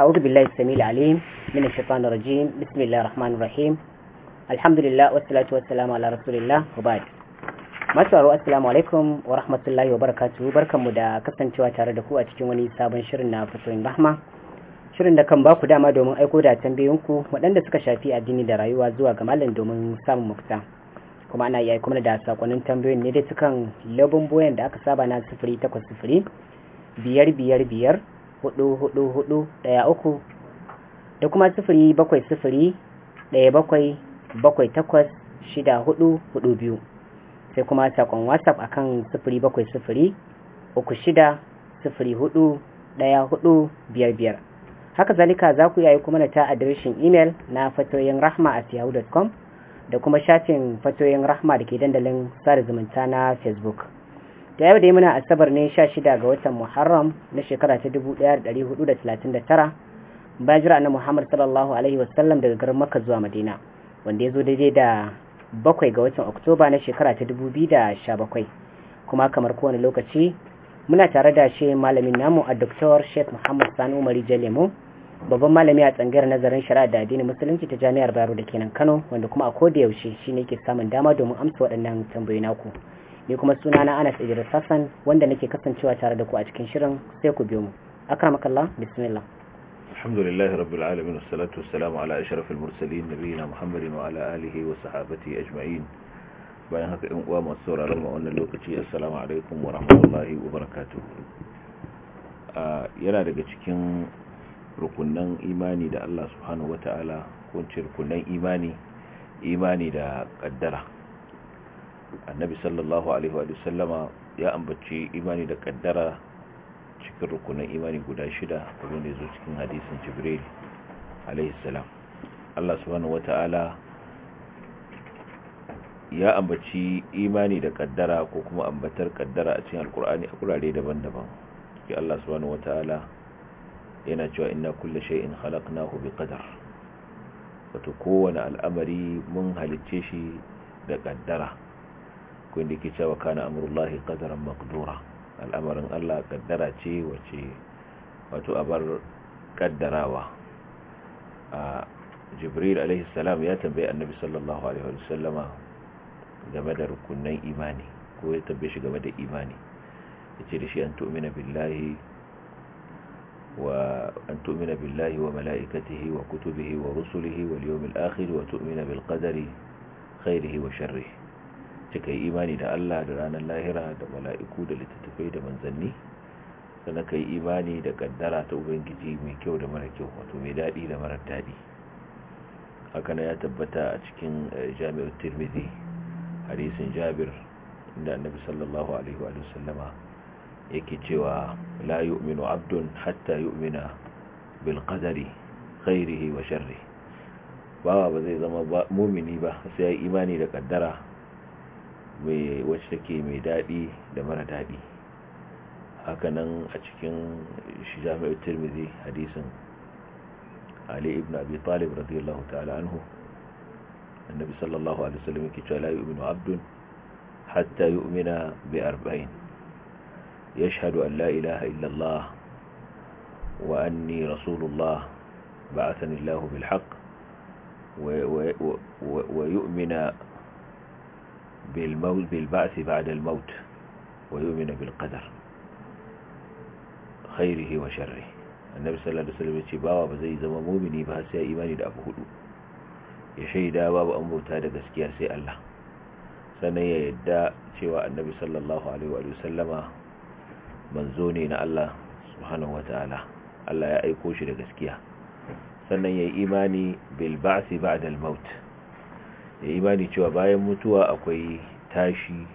أعوذ بالله السميع العليم من الشيطان الرجيم بسم الله الرحمن الرحيم الحمد لله والصلاة والسلام على رسول الله وبعد Masu assalamu alaikum wa rahmatullahi wa barakatuhu barkanmu da kasancewa tare da ku a cikin wani sabon shirin na fatoyin rahma shirin da kan ba ku dama domin aiko da tambayoyinku waɗanda suka shafi addini da rayuwa zuwa ga malam domin samun mukta, kuma ana iya kuma da sakonnin tambayoyin ne dai sukan labin boyan da aka saba na sifiri takwas sifiri biyar biyar biyar hudu hudu hudu daya uku da kuma sifiri bakwai sifiri daya bakwai bakwai takwas shida hudu hudu biyu sai kuma sakon whatsapp akan sifiri bakwai sifiri uku shida sifiri hudu daya hudu biyar biyar haka zalika za ku yayi kuma na ta adireshin imel na fatoyin rahma a yahoo.com da kuma shafin fatoyin rahma da ke dandalin sada zumunta na facebook da yau dai muna asabar ne sha shida ga watan muharram na shekara ta 1439 bayan jira na muhammad sallallahu alaihi wasallam daga garin makka zuwa madina wanda ya zo daidai da bakwai ga watan oktoba na shekara ta dubu biyu da 2017 kuma kamar kowane lokaci muna tare da shi malamin namu a doktor sheikh muhammad sani umari jalemu babban malami a tsangayar nazarin shari'a da addinin musulunci ta jami'ar bayero da kenan kano wanda kuma a ko da yaushe shine ke samun dama domin amsa waɗannan tambayoyi naku ne kuma suna na Anas Ibn Sassan wanda nake kasancewa tare da ku a cikin shirin sai ku biyo mu akramakallah bismillah alhamdulillah rabbil alamin wassalatu wassalamu ala ashrafil mursalin na muhammadin wa ala alihi wa sahbihi ajma'in bayan haka yan uwa masu sauraron mu wannan lokaci assalamu alaikum wa rahmatullahi wa barakatuh yana daga cikin rukunan imani da Allah subhanahu wataala ko cikin rukunan imani imani da ƙaddara annabi sallallahu alaihi wa sallama ya ambaci imani da kaddara cikin rukunin imani guda shida abin da zo cikin hadisin jibril alaihi salam Allah subhanahu wata'ala ya ambaci imani da kaddara ko kuma ambatar kaddara a cikin alkur'ani a kurare daban-daban ki Allah subhanahu wata'ala yana cewa inna kulli shay'in khalaqnahu biqadar wato kowane al'amari mun halicce shi da kaddara akwai da ke cewa kana amurullahi ƙadaran makdura al'amarin allah ƙaddara ce wace wato abar ƙaddarawa a jibril alaihissalam ya tambaye annabi sallallahu alaihi wasallama game da rukunan imani ko ya tambaye shi game da imani ya ce da shi an tu'mina billahi وأن تؤمن بالله وملائكته وكتبه ورسله واليوم الآخر وتؤمن بالقدر خيره وشره ce yi imani da Allah da ranar lahira da mala'iku da littattafai da manzanni sana ka yi imani da kaddara ta ubangiji mai kyau da mara kyau wato mai daɗi da mara daɗi haka ya tabbata a cikin eh, jami'ar tirmidhi hadisin jabir inda annabi sallallahu alaihi wa sallama yake cewa la yu'minu abdun hatta yu'mina bil qadari khairihi wa sharri bawa ba zai zama mumini ba sai ya imani da kaddara mai wacce take mai daɗi da mara daɗi hakanan a cikin shi jami'ar tirmidhi hadisin ali ibn abi talib radiyallahu ta'ala anhu annabi sallallahu alaihi wasallam yake cewa la yu'minu abdun hatta yu'mina bi arba'in yashhadu an la ilaha illa allah wa anni rasulullah ba'athani allah bil haqq ويؤمن بالموت بالبعث بعد الموت ويؤمن بالقدر خيره وشره النبي صلى الله عليه وسلم يقول باوا بزي زما مؤمني ba sai imani da abu hudu ya shaida babu an bauta da gaskiya sai Allah sannan ya yadda cewa annabi sallallahu alaihi wa sallama manzo ne na Allah subhanahu wataala Allah ya aiko shi da gaskiya sannan ya yi imani bil ba'si ba'da ya imani cewa bayan mutuwa akwai tashi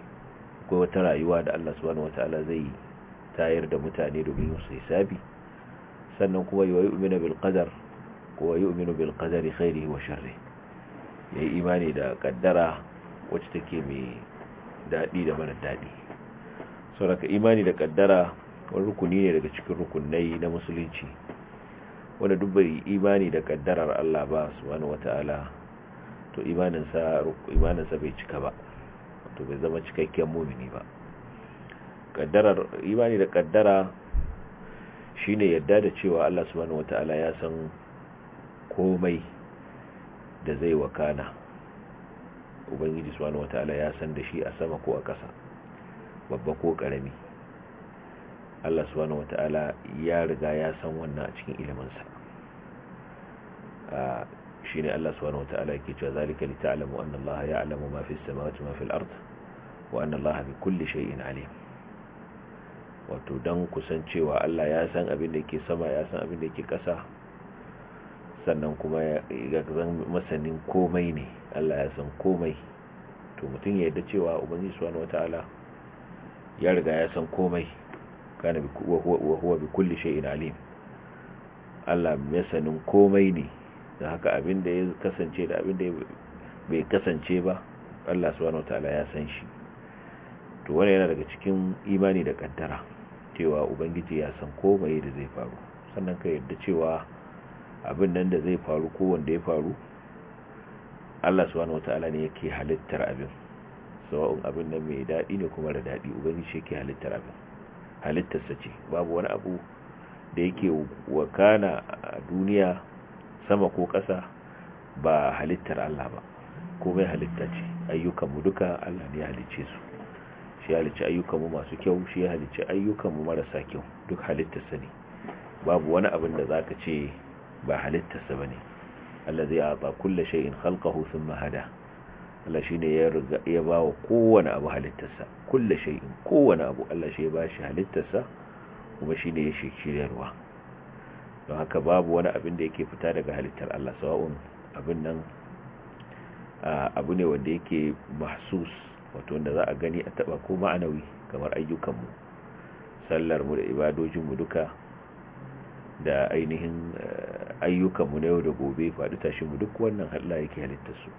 akwai wata rayuwa da Allah subhanahu wataala zai tayar da mutane domin su hisabi sannan kuma yi yu'minu bil qadar ko yu'minu bil qadar khairi wa sharri ya yi imani da kaddara wacce take mai dadi da mara daɗi sauraka imani da kaddara wani rukuni ne daga cikin rukunai na musulunci wanda duk imani da kaddarar Allah ba subhanahu wataala to imaninsa bai cika ba to bai zama cikakken mumini ba imani da kaddara shine yadda da cewa Allah subhanahu wataala ya san komai da zai wakana ubangiji subhanahu wataala ya san da shi a sama ko a ƙasa babba ko ƙarami Allah subhanahu wataala ya riga ya san wannan a cikin iliminsa ah, shine Allah subhanahu wataala yake cewa zalika li ta'lamu anna Allah ya'lamu ma fi samawati ma fil ard wa anna Allah bi kulli shay'in alim wato dan kusan cewa Allah ya san abin da yake sama ya san abin da yake kasa sannan kuma ya zan masanin komai ne Allah ya san komai to mutum ya yarda cewa ubangiji subhanahu wataala ya riga ya san komai kana bi huwa bi kulli shay'in alim Allah masanin komai ne da haka abin da ya kasance da abin da bai kasance ba Allah subhanahu wataala ya san shi to wannan yana daga cikin imani da kaddara cewa ubangiji ya san komai da zai faru sannan ka yarda cewa abin nan da zai faru ko wanda ya faru Allah subhanahu wataala ne yake halittar abin sawa'un abin nan mai daɗi ne kuma da daɗi ubangiji yake halittar abin halittarsa ce babu wani abu da yake wakana a duniya sama ko ƙasa ba halittar Allah ba Ko komai halitta ce ayyukanmu duka Allah ne ya halicce su shi halicci ayyukanmu masu kyau shi halicci ayyukanmu marasa kyau duk halittarsa ne babu wani abin da zaka ce ba halittarsa bane Allah zai aba kullu shay'in khalqahu thumma hada Allah shine ya riga ya bawa kowane abu halittarsa kullu shay'in kowane abu Allah shi ya ba bashi halittarsa kuma shine ya shirya ruwa. don haka babu wani abin da yake fita daga halittar Allah sawa'un abin nan abu ne wanda yake mahsus wato wanda za a gani a taba ko ma'anawi kamar ayyukanmu mu da ibadojinmu duka da ainihin ayyukanmu na yau da gobe faɗi tashinmu duk wannan Allah yake su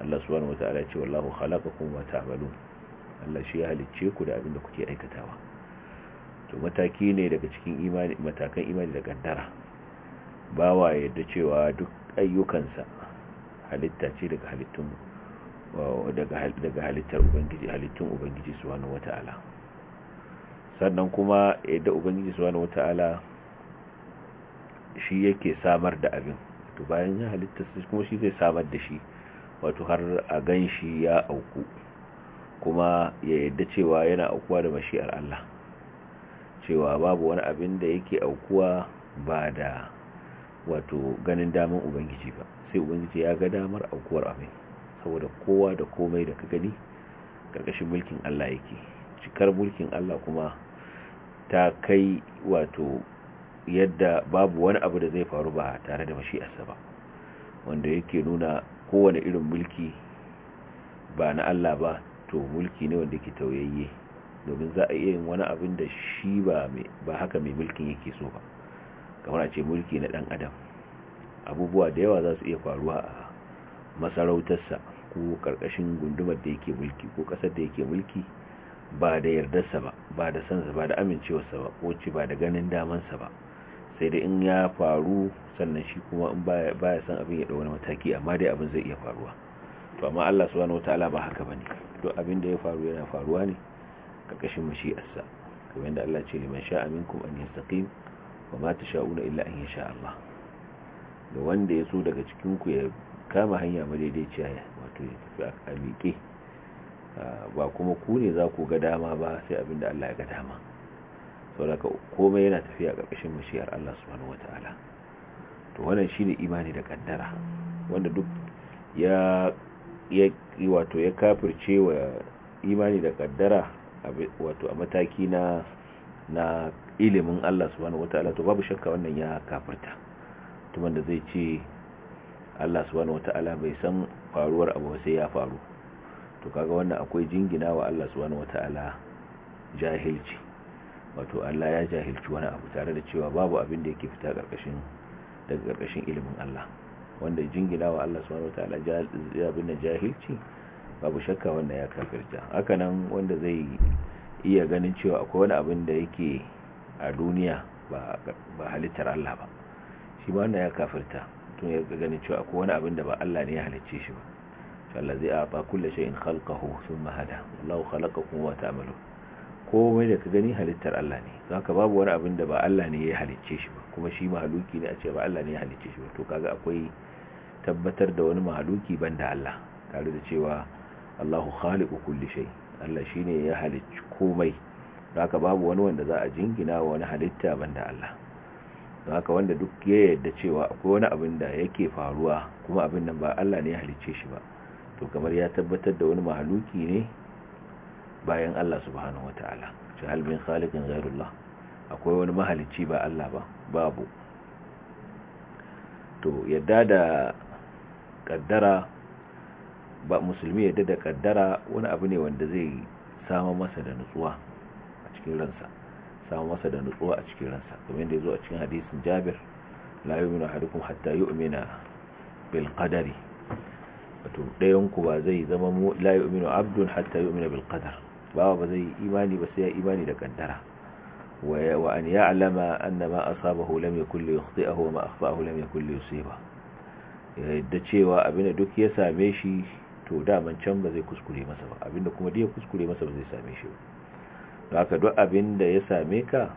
Allah subhanahu ya ce wallahu khalaqakum wa ta'malun Allah shi ya halicce ku da abin da kuke aikatawa to mataki ne daga cikin imani matakan imani da kaddara bawa yadda cewa duk ayyukansa halitta ce daga halittun daga halittar ubangiji halittun ubangiji subhanahu wata'ala sannan kuma yadda ubangiji subhanahu wata'ala shi yake samar da abin to bayan ya halitta kuma shi zai samar da shi wato har a gan shi ya auku kuma ya yadda cewa yana aukuwa da mashi'ar Allah cewa babu wani abin da yake aukuwa ba da wato ganin damar ubangiji ba sai ubangiji ya ga damar aukuwar abin saboda kowa da komai da ka gani karkashin mulkin Allah yake cikar mulkin Allah kuma ta kai wato yadda babu wani abu da zai faru ba tare da asa ba wanda yake nuna kowane irin mulki ba na Allah ba to mulki ne wanda yake tauyayye domin za a iya yin wani abin da shi ba haka mai mulkin yake so ba kamar a ce mulki na dan adam abubuwa da yawa za su iya faruwa a masarautarsa ko karkashin gundumar da yake mulki ko ƙasar da yake mulki ba da yardarsa ba ba da sansa ba da amincewarsa ba ko ci ba da ganin damansa ba sai da in ya faru sannan shi kuma in baya san abin ya dauna mataki amma dai abin zai iya faruwa to amma Allah subhanahu wataala ba haka bane duk abin da ya faru yana faruwa ne ƙarƙashin mashi'arsa kamar yadda Allah ce liman sha'a minkum an yastaqim wa ma tasha'una illa an yasha Allah da wanda ya so daga cikin ku ya kama hanya madaidaiciya wato ya tafi a miƙe ba kuma ku ne za ku ga dama ba sai abin da Allah ya ga dama saboda komai yana tafiya ƙarƙashin mashi'ar Allah subhanahu wataala to wannan shine imani da kaddara wanda duk ya ya wato ya kafirce wa imani da kaddara wato a mataki na na ilimin Allah subhanahu wataala to babu shakka wannan ya kafirta tuman da zai ce Allah subhanahu wataala bai san faruwar abu sai ya faru to kaga wannan akwai jingina wa Allah subhanahu wataala jahilci wato Allah ya jahilci wani abu tare da cewa babu abin da yake fita karkashin daga karkashin ilimin Allah wanda jingina wa Allah subhanahu wataala jahilci babu shakka wannan ya kafirta haka nan wanda zai iya ganin cewa akwai wani abin da yake a duniya ba halittar Allah ba shi ba wannan ya kafirta tun ya ganin cewa akwai wani abin da ba Allah ne ya halicce shi ba Allah zai aba ah, kulle shay'in khalqahu thumma hada Allahu khalaqakum wa ta'malu komai da ka gani halittar Allah ne zaka babu wani abin da ba Allah ne ya halicce shi ba kuma shi mahaluki ne a ce ba Allah ne ya halicce shi ba to kaga akwai tabbatar da wani mahaluki banda Allah tare da cewa Allahu khaliqu kulli shay Allah shine ya halicci komai haka babu wani wanda za a jingina wa wani halitta banda Allah haka wanda duk ya yadda cewa akwai wani abin da yake faruwa kuma abin nan ba Allah ne ya halicce shi ba to kamar ya tabbatar da wani mahaluki ne bayan Allah subhanahu wataala shi halbin khaliqin ghairullah akwai wani mahalicci ba Allah ba babu to yadda da kaddara ba musulmi yadda da kaddara wani abu ne wanda zai samu masa da nutsuwa a cikin ransa samu masa da nutsuwa a cikin ransa kamar da zo a cikin hadisin Jabir la yu'minu ahadukum hatta umina bil kadari wato dayan ku ba zai zama mu la yu'minu abdun hatta umina bil kadar ba ba zai imani ba sai ya imani da kaddara wa an ya alama an anna ma asabahu lam mai kulle yukhti'ahu a ma akhfa'ahu lam yakul li ba yadda cewa abin da duk ya same shi to daman can ba zai kuskure masa ba abinda kuma da ya kuskure masa ba zai same shi ba don haka duk abinda ya same ka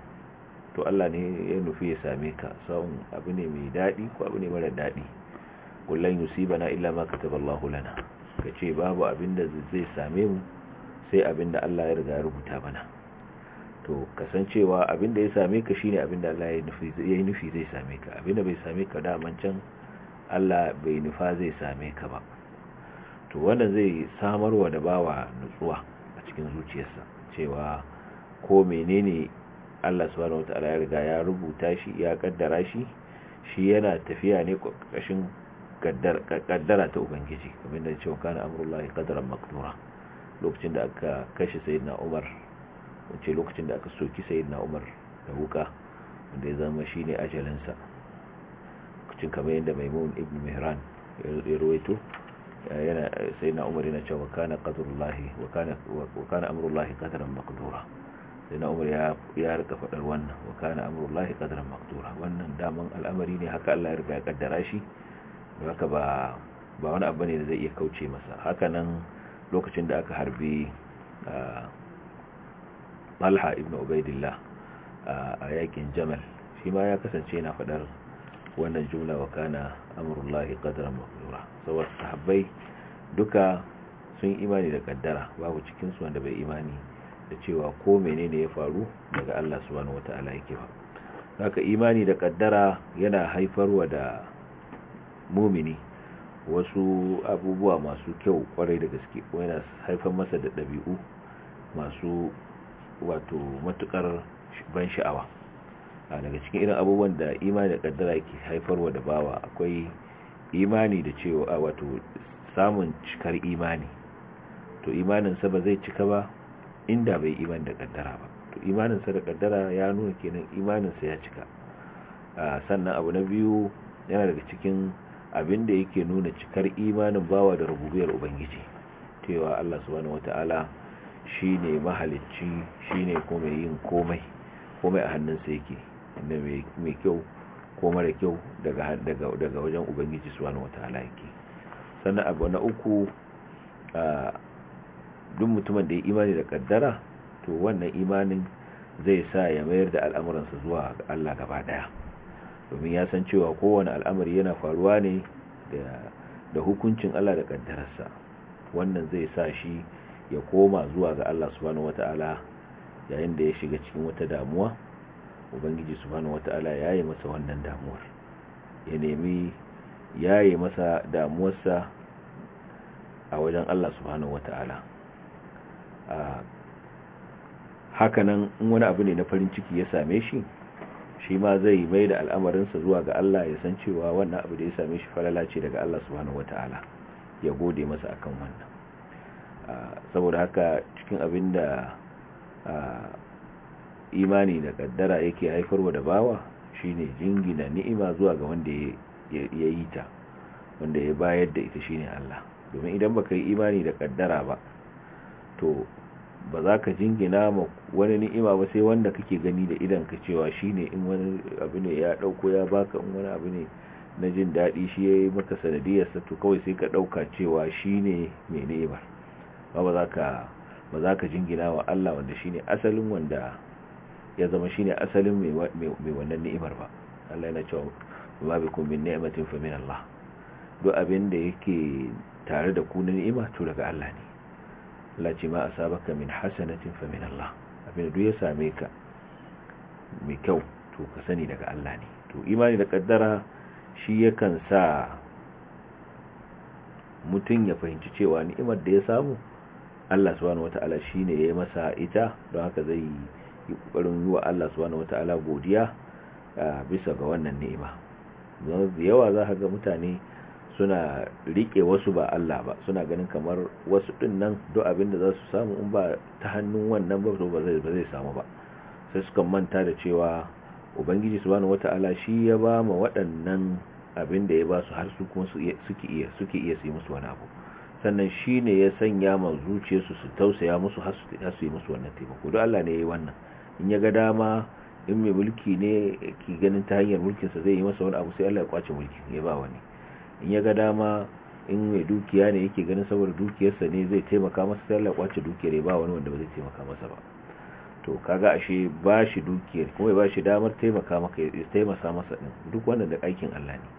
to Allah ne ya nufi ya same ka sawun abu ne mai daɗi ko abu ne mara daɗi kullum yusibana illa ma ballahu lana kace babu abinda zai same mu sai abinda Allah ya riga ya rubuta mana to kasancewa abinda ya same ka shine abinda Allah ya nufi zai nufi zai same ka abinda bai same ka da can Allah bai nufa zai same ka ba to wannan zai samarwa da bawa nutsuwa a cikin zuciyarsa cewa ko menene Allah subhanahu wataala ya riga ya rubuta shi ya kaddara shi shi yana tafiya ne ƙarƙashin kaddara ta ubangiji kamar da cewa kana amrullahi qadaran maqdura lokacin da aka kashe sayyidina Umar wace lokacin da aka soki sayyidina Umar da wuka wanda ya zama shine ajalinsa kucin kamar yadda Maimun ibn Mihran ya ruwaito yana sai na umar yana cewa kana qadrullahi wa kana wa kana amrullahi qadran maqdura sai na umar ya rika fadar wannan wa kana amrullahi qadran maqdura wannan daman al'amari ne haka Allah ya riga ya kaddara shi haka ba ba wani abu ne da zai iya kauce masa haka nan lokacin da aka harbi Talha ibn Ubaidillah a yakin Jamal shi ma ya kasance yana fadar wannan jumla wa kana amurullahi ƙadar mafura saboda sahabbai duka sun yi imani da ƙaddara babu cikinsu wanda bai imani da cewa ko menene ya faru daga Allah subhanahu ala yake ba haka imani da ƙaddara yana haifarwa da mumini wasu abubuwa masu kyau kwarai da gaske yana haifar masa da ɗabi'u masu wato matukar ban sha'awa a daga cikin irin abubuwan da imani da kaddara ke haifarwa da bawa akwai imani da cewa a wato samun cikar imani to imaninsa ba zai cika ba inda bai iman da kaddara ba to imaninsa da kaddara ya nuna kenan imaninsa ya cika sannan abu na biyu yana daga cikin abin da yake nuna cikar imanin bawa da rububiyar ubangiji cewa Allah subhanahu wataala shine mahalicci shine kuma yin komai komai a hannunsa yake da mai kyau ko mara kyau daga wajen ubangiji subhanahu wata yake sannan abu na uku duk mutumin da ya imani da kaddara to wannan imanin zai sa ya mayar da al'amuransa zuwa Allah gaba daya domin ya san cewa kowane al'amari yana faruwa ne da hukuncin Allah da kaddararsa wannan zai sa shi ya koma zuwa ga Allah subhanahu wataala yayin da ya shiga cikin wata damuwa ubangiji subhanahu wata'ala ya yi masa wannan damuwar ya nemi ya yi masa damuwarsa a wajen Allah subhanahu wata'ala hakanan in wani abu ne na farin ciki ya same shi shi ma zai mai da al'amarinsa zuwa ga Allah ya san cewa wannan abu da ya same shi falala ce daga Allah subhanahu wata'ala ya gode masa akan wannan saboda haka cikin abin da imani da kaddara yake haifarwa da bawa shine jingina ni'ima zuwa ga wanda ya yi ta wanda ya bayar da ita shine Allah domin idan baka yi imani da kaddara ba to ba za ka jingina ma wani ni'ima ba sai wanda kake gani da idan ka cewa shine in wani abu ne ya dauko ya baka in wani abu ne na jin daɗi shi ya yi maka sanadiyarsa to kawai sai ka ɗauka cewa shi ne mai ni'imar ba za ka jingina wa Allah wanda shi ne asalin wanda ya zama shine asalin mai wannan ni'imar ba Allah yana cewa ma kun min ni'matin fa min Allah duk abin da yake tare da ku na ni'ima to daga Allah ne Allah ce ma asabaka min hasanatin fa min Allah abin da duk ya same ka mai kyau to ka sani daga Allah ne to imani da kaddara shi yakan sa mutum ya fahimci cewa ni'imar da ya samu Allah subhanahu wata'ala shine ya yi masa ita don haka zai yi kokarin yi wa Allah subhanahu wataala godiya bisa ga wannan ni'ima da yawa za ka ga mutane suna rike wasu ba Allah ba suna ganin kamar wasu din nan duk abin da za su samu in ba ta hannun wannan ba ba zai ba zai samu ba sai suka manta da cewa ubangiji subhanahu wataala shi ya ba ma waɗannan abin da ya ba su har su kuma suke iya suke iya su yi musu wani abu sannan shi ne ya sanya ma zuciyarsu su tausaya musu har su yi musu wannan taimako don Allah ne ya yi wannan in ya ga dama in mai mulki ne ki ganin ta hanyar mulkinsa zai yi masa wani abu sai Allah ya kwace mulki ya ba wani in ya ga dama in mai dukiya ne yake ganin saboda dukiyarsa ne zai taimaka masa sai Allah ya kwace dukiyar ya ba wani wanda ba zai taimaka masa ba to kaga ashe ba shi dukiyar kuma ya ba shi damar taimaka maka ya taimaka masa din duk wanda da aikin Allah ne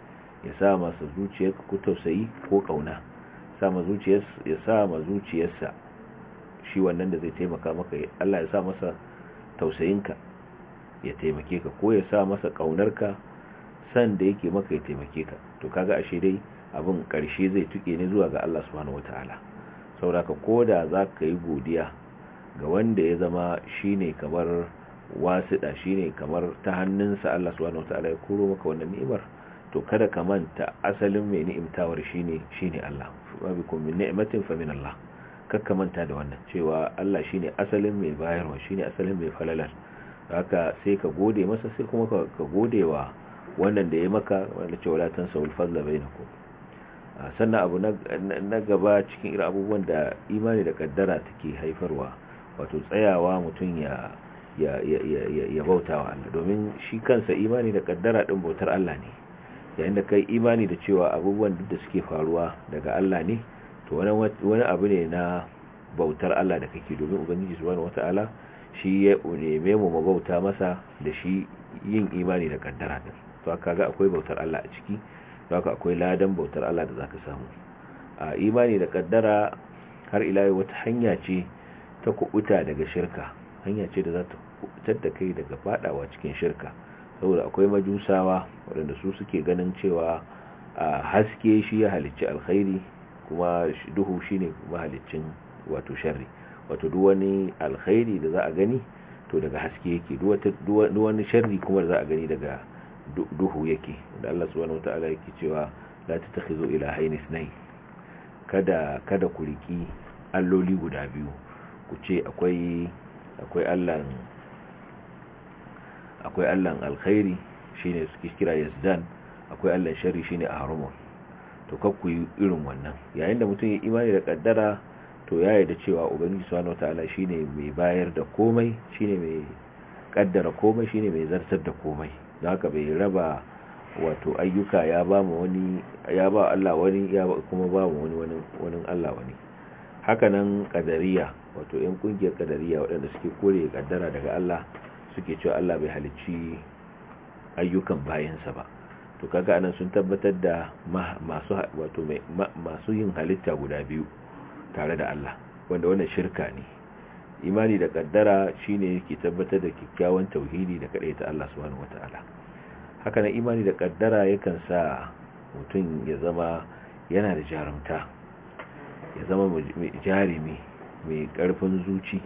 ya sa masa zuciyar ku tausayi ko kauna sa ma zuciyar ya sa ma zuciyarsa shi wannan da zai taimaka maka Allah ya sa masa tausayinka ya taimake ka ko ya sa masa ka san da yake maka ya taimake ka to kaga ashe dai abin karshe zai tuke ne zuwa ga Allah subhanahu wataala saboda ko da za ka yi godiya ga wanda ya zama shine kamar wasiɗa shine kamar ta hannunsa Allah subhanahu wataala ya koro maka wannan ni'imar to kada ka manta asalin mai ni'imtawar shine shine Allah fa bikum min ni'matin fa min Allah kakkamanta da wannan cewa Allah shine asalin mai bayarwa shine asalin mai falalar haka sai ka gode masa sai kuma ka gode wa wannan da ya maka wanda cewa la tansawul fadla bainakum sannan abu na gaba cikin irin abubuwan da imani da kaddara take haifarwa wato tsayawa mutum ya ya bauta wa Allah domin shi kansa imani da kaddara din bautar Allah ne yayin da kai imani da cewa abubuwan duk da suke faruwa daga Allah ne to wani abu ne na bautar Allah da kake domin ubangiji subhanahu wata'ala shi ya neme mu bauta masa da shi yin imani da kaddara din to kaga akwai bautar Allah a ciki haka akwai ladan bautar Allah da zaka samu a imani da kaddara har ila yau wata hanya ce ta kubuta daga shirka hanya ce da za ta kubutar da kai daga fadawa cikin shirka saboda akwai majusawa waɗanda su suke ganin cewa a haske shi ya halicci alkhairi kuma duhu shine mahaliccin wato sharri wato duk wani alkhairi da za a gani to daga haske yake duk wani sharri kuma da za a gani daga duhu yake da Allah subhanahu wataala yake cewa la tattakhizu ilahayn ithnayn kada kada ku riki alloli guda biyu ku ce akwai akwai Allah akwai Allah alkhairi shine suke kira yazdan akwai Allah sharri shine ahrumun to kakku yi irin wannan yayin da mutum ya imani da kaddara to ya yarda cewa ubangiji subhanahu wataala shine mai bayar da komai shine mai kaddara komai shine mai zartar da komai don haka bai raba wato ayyuka ya ba mu wani ya ba Allah wani ya kuma ba mu wani wani Allah wani haka nan kadariya wato yan kungiyar kadariya waɗanda suke kore kaddara daga Allah suke cewa Allah bai halicci ayyukan bayansa ba to kaga anan sun tabbatar da masu wato masu yin halitta guda biyu tare da Allah wanda wannan shirka ne imani da kaddara shine ke tabbatar da kikkiawan tauhidi da kadaita Allah subhanahu wataala haka nan imani da kaddara yakan sa mutum ya zama yana da jarumta ya zama jarimi mai karfin zuci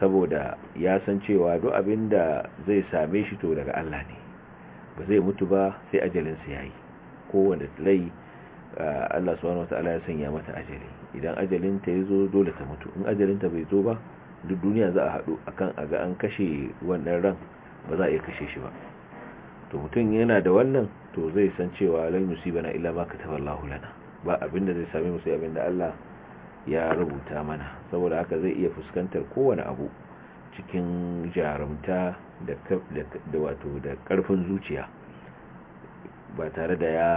saboda ya san cewa duk abinda zai same shi to daga Allah ne ba zai mutu ba sai ajalinsa ya yi kowane lai Allah subhanahu wata'ala ya sanya mata ajali idan ajalinta ya zo dole ta mutu in ajalinta bai zo ba duk duniya za a haɗu akan aga an kashe wannan ran ba za a iya kashe shi ba to mutum yana da wannan to zai san cewa lan na illa ma kataballahu lana ba abinda zai same mu sai da Allah ya rubuta mana saboda haka zai iya fuskantar kowane abu cikin jarumta da wato karfin zuciya ba tare da ya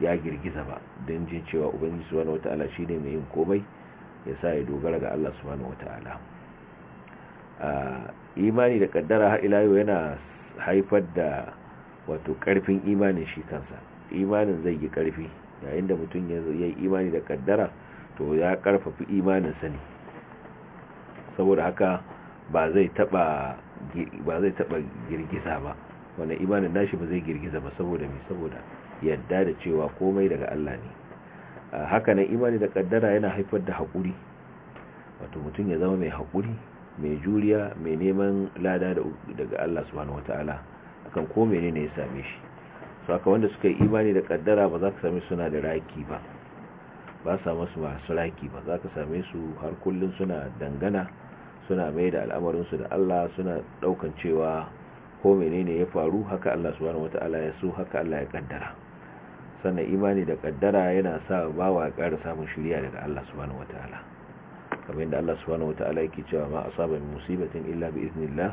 ya girgiza ba don jin cewa ubangi subhanahu wataala shine mai yin komai ya sa ya dogara ga Allah subhanahu wataala imani da kaddara har ila yana haifar da wato karfin imanin shi kansa imanin zai yi karfi yayin da mutum ya yi imani da kaddara to ya karfafi imanin sa ne saboda haka ba zai taba girgiza ba wanda imanin nashi ba zai girgiza ba saboda mai saboda yadda da cewa komai daga Allah ne ah, haka nan imani da kaddara yana haifar da haƙuri wato mutum ya zama mai haƙuri mai juriya mai neman lada daga Allah subhanahu wataala akan ko menene ya same shi saka wanda suka yi imani da kaddara ba za ka same suna da raki ba ba sa masu masu raki ba za ka same su har kullum suna dangana suna mai da al'amarinsu da Allah suna daukan cewa ko menene ya faru haka Allah subhanahu wata'ala ya so haka Allah ya kaddara sannan imani da kaddara yana sa bawa ya ƙara samun shiriya daga Allah subhanahu wata'ala kamar yadda Allah subhanahu wata'ala yake cewa ma asaba min musibatin illa bi iznillah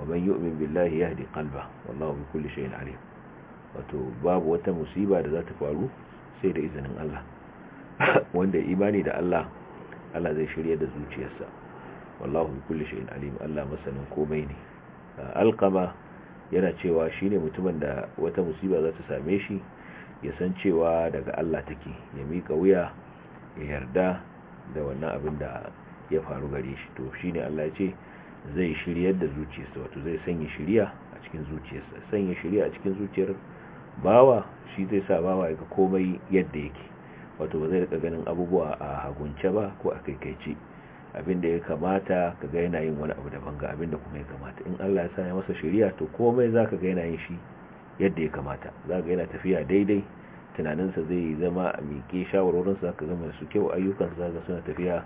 wa man yu'min billahi yahdi qalba wallahu bi kulli shay'in alim wato babu wata musiba da za ta faru sai da izinin Allah wanda imani da Allah Allah zai shirya da zuciyarsa wallahu bi kulli shay'in alim Allah masanin komai ne alqama yana cewa shine mutumin da wata musiba za ta same shi ya san cewa daga Allah take ya mika wuya ya yarda da wannan abin da ya faru gare shi to shine Allah ya ce zai shiryar da zuciyarsa wato zai sanya shiriya a cikin zuciyarsa sanya shiriya a cikin zuciyar bawa shi zai sa bawa ya ga komai yadda yake wato ba zai rika ganin abubuwa a hagunce ba ko a kaikaice abin da ya kamata ka ga yana yin wani abu daban ga abin da kuma ya kamata in Allah ya sanya masa shari'a to komai zaka ga yana yin shi yadda ya kamata zaka yana tafiya daidai tunaninsa zai zama a miƙe sa ka zama su kyau ayyukan zaka suna tafiya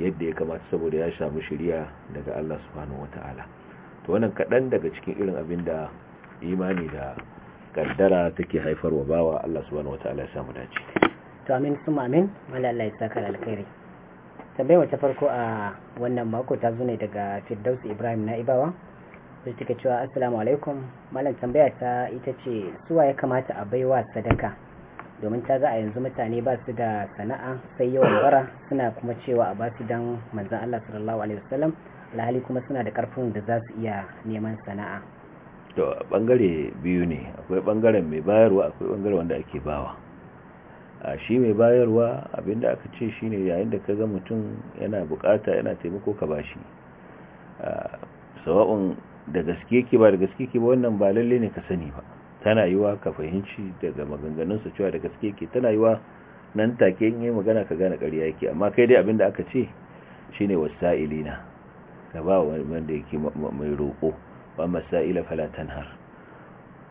yadda ya kamata saboda ya samu shari'a daga Allah subhanahu wataala to wannan kadan daga cikin irin abin da imani da kaddara take haifarwa bawa Allah subhanahu wataala ya samu dace to amin kuma amin malalla alkhairi tambayar ta farko a wannan mako ta zo ne daga firdaus ibrahim na'ibawa da take cewa assalamu alaikum malam tambaya ta ita ce suwa ya kamata a baiwa sadaka domin ta za a yanzu mutane ba su da sana'a sai yawan bara suna kuma cewa a basu dan manzan Allah sallallahu alaihi wasallam alhali kuma suna da karfin da za su iya neman sana'a to bangare biyu ne akwai bangaren mai bayarwa akwai bangaren wanda ake bawa a shi mai bayarwa abinda aka ce shi ne yayin da ka ga mutum yana bukata yana taimako ka bashi sawa'un da gaske ke ba da gaske ke ba wannan ba lalle ne ka sani ba tana yiwa ka fahimci daga maganganun su cewa da gaske ke tana yiwa nan take in yi magana ka gane ƙarya yake amma kai dai abinda aka ce shine wasa'ilina ka ba wanda yake mai roƙo ba masaila fala tanhar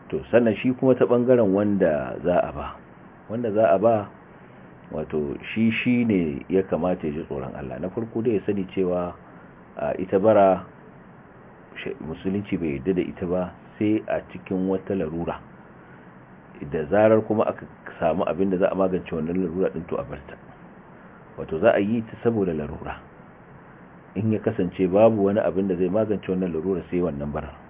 to sannan shi kuma ta bangaren wanda za a ba wanda za a ba wato shi shi ne ya kamata ya ji tsoron Allah na farko dai ya sani cewa ita bara musulunci bai yarda da ita ba sai a cikin wata larura da zarar kuma aka samu abin da za a magance wannan larura din to a barta wato za a yi ta saboda larura in ya kasance babu wani abin da zai magance wannan larura sai wannan barar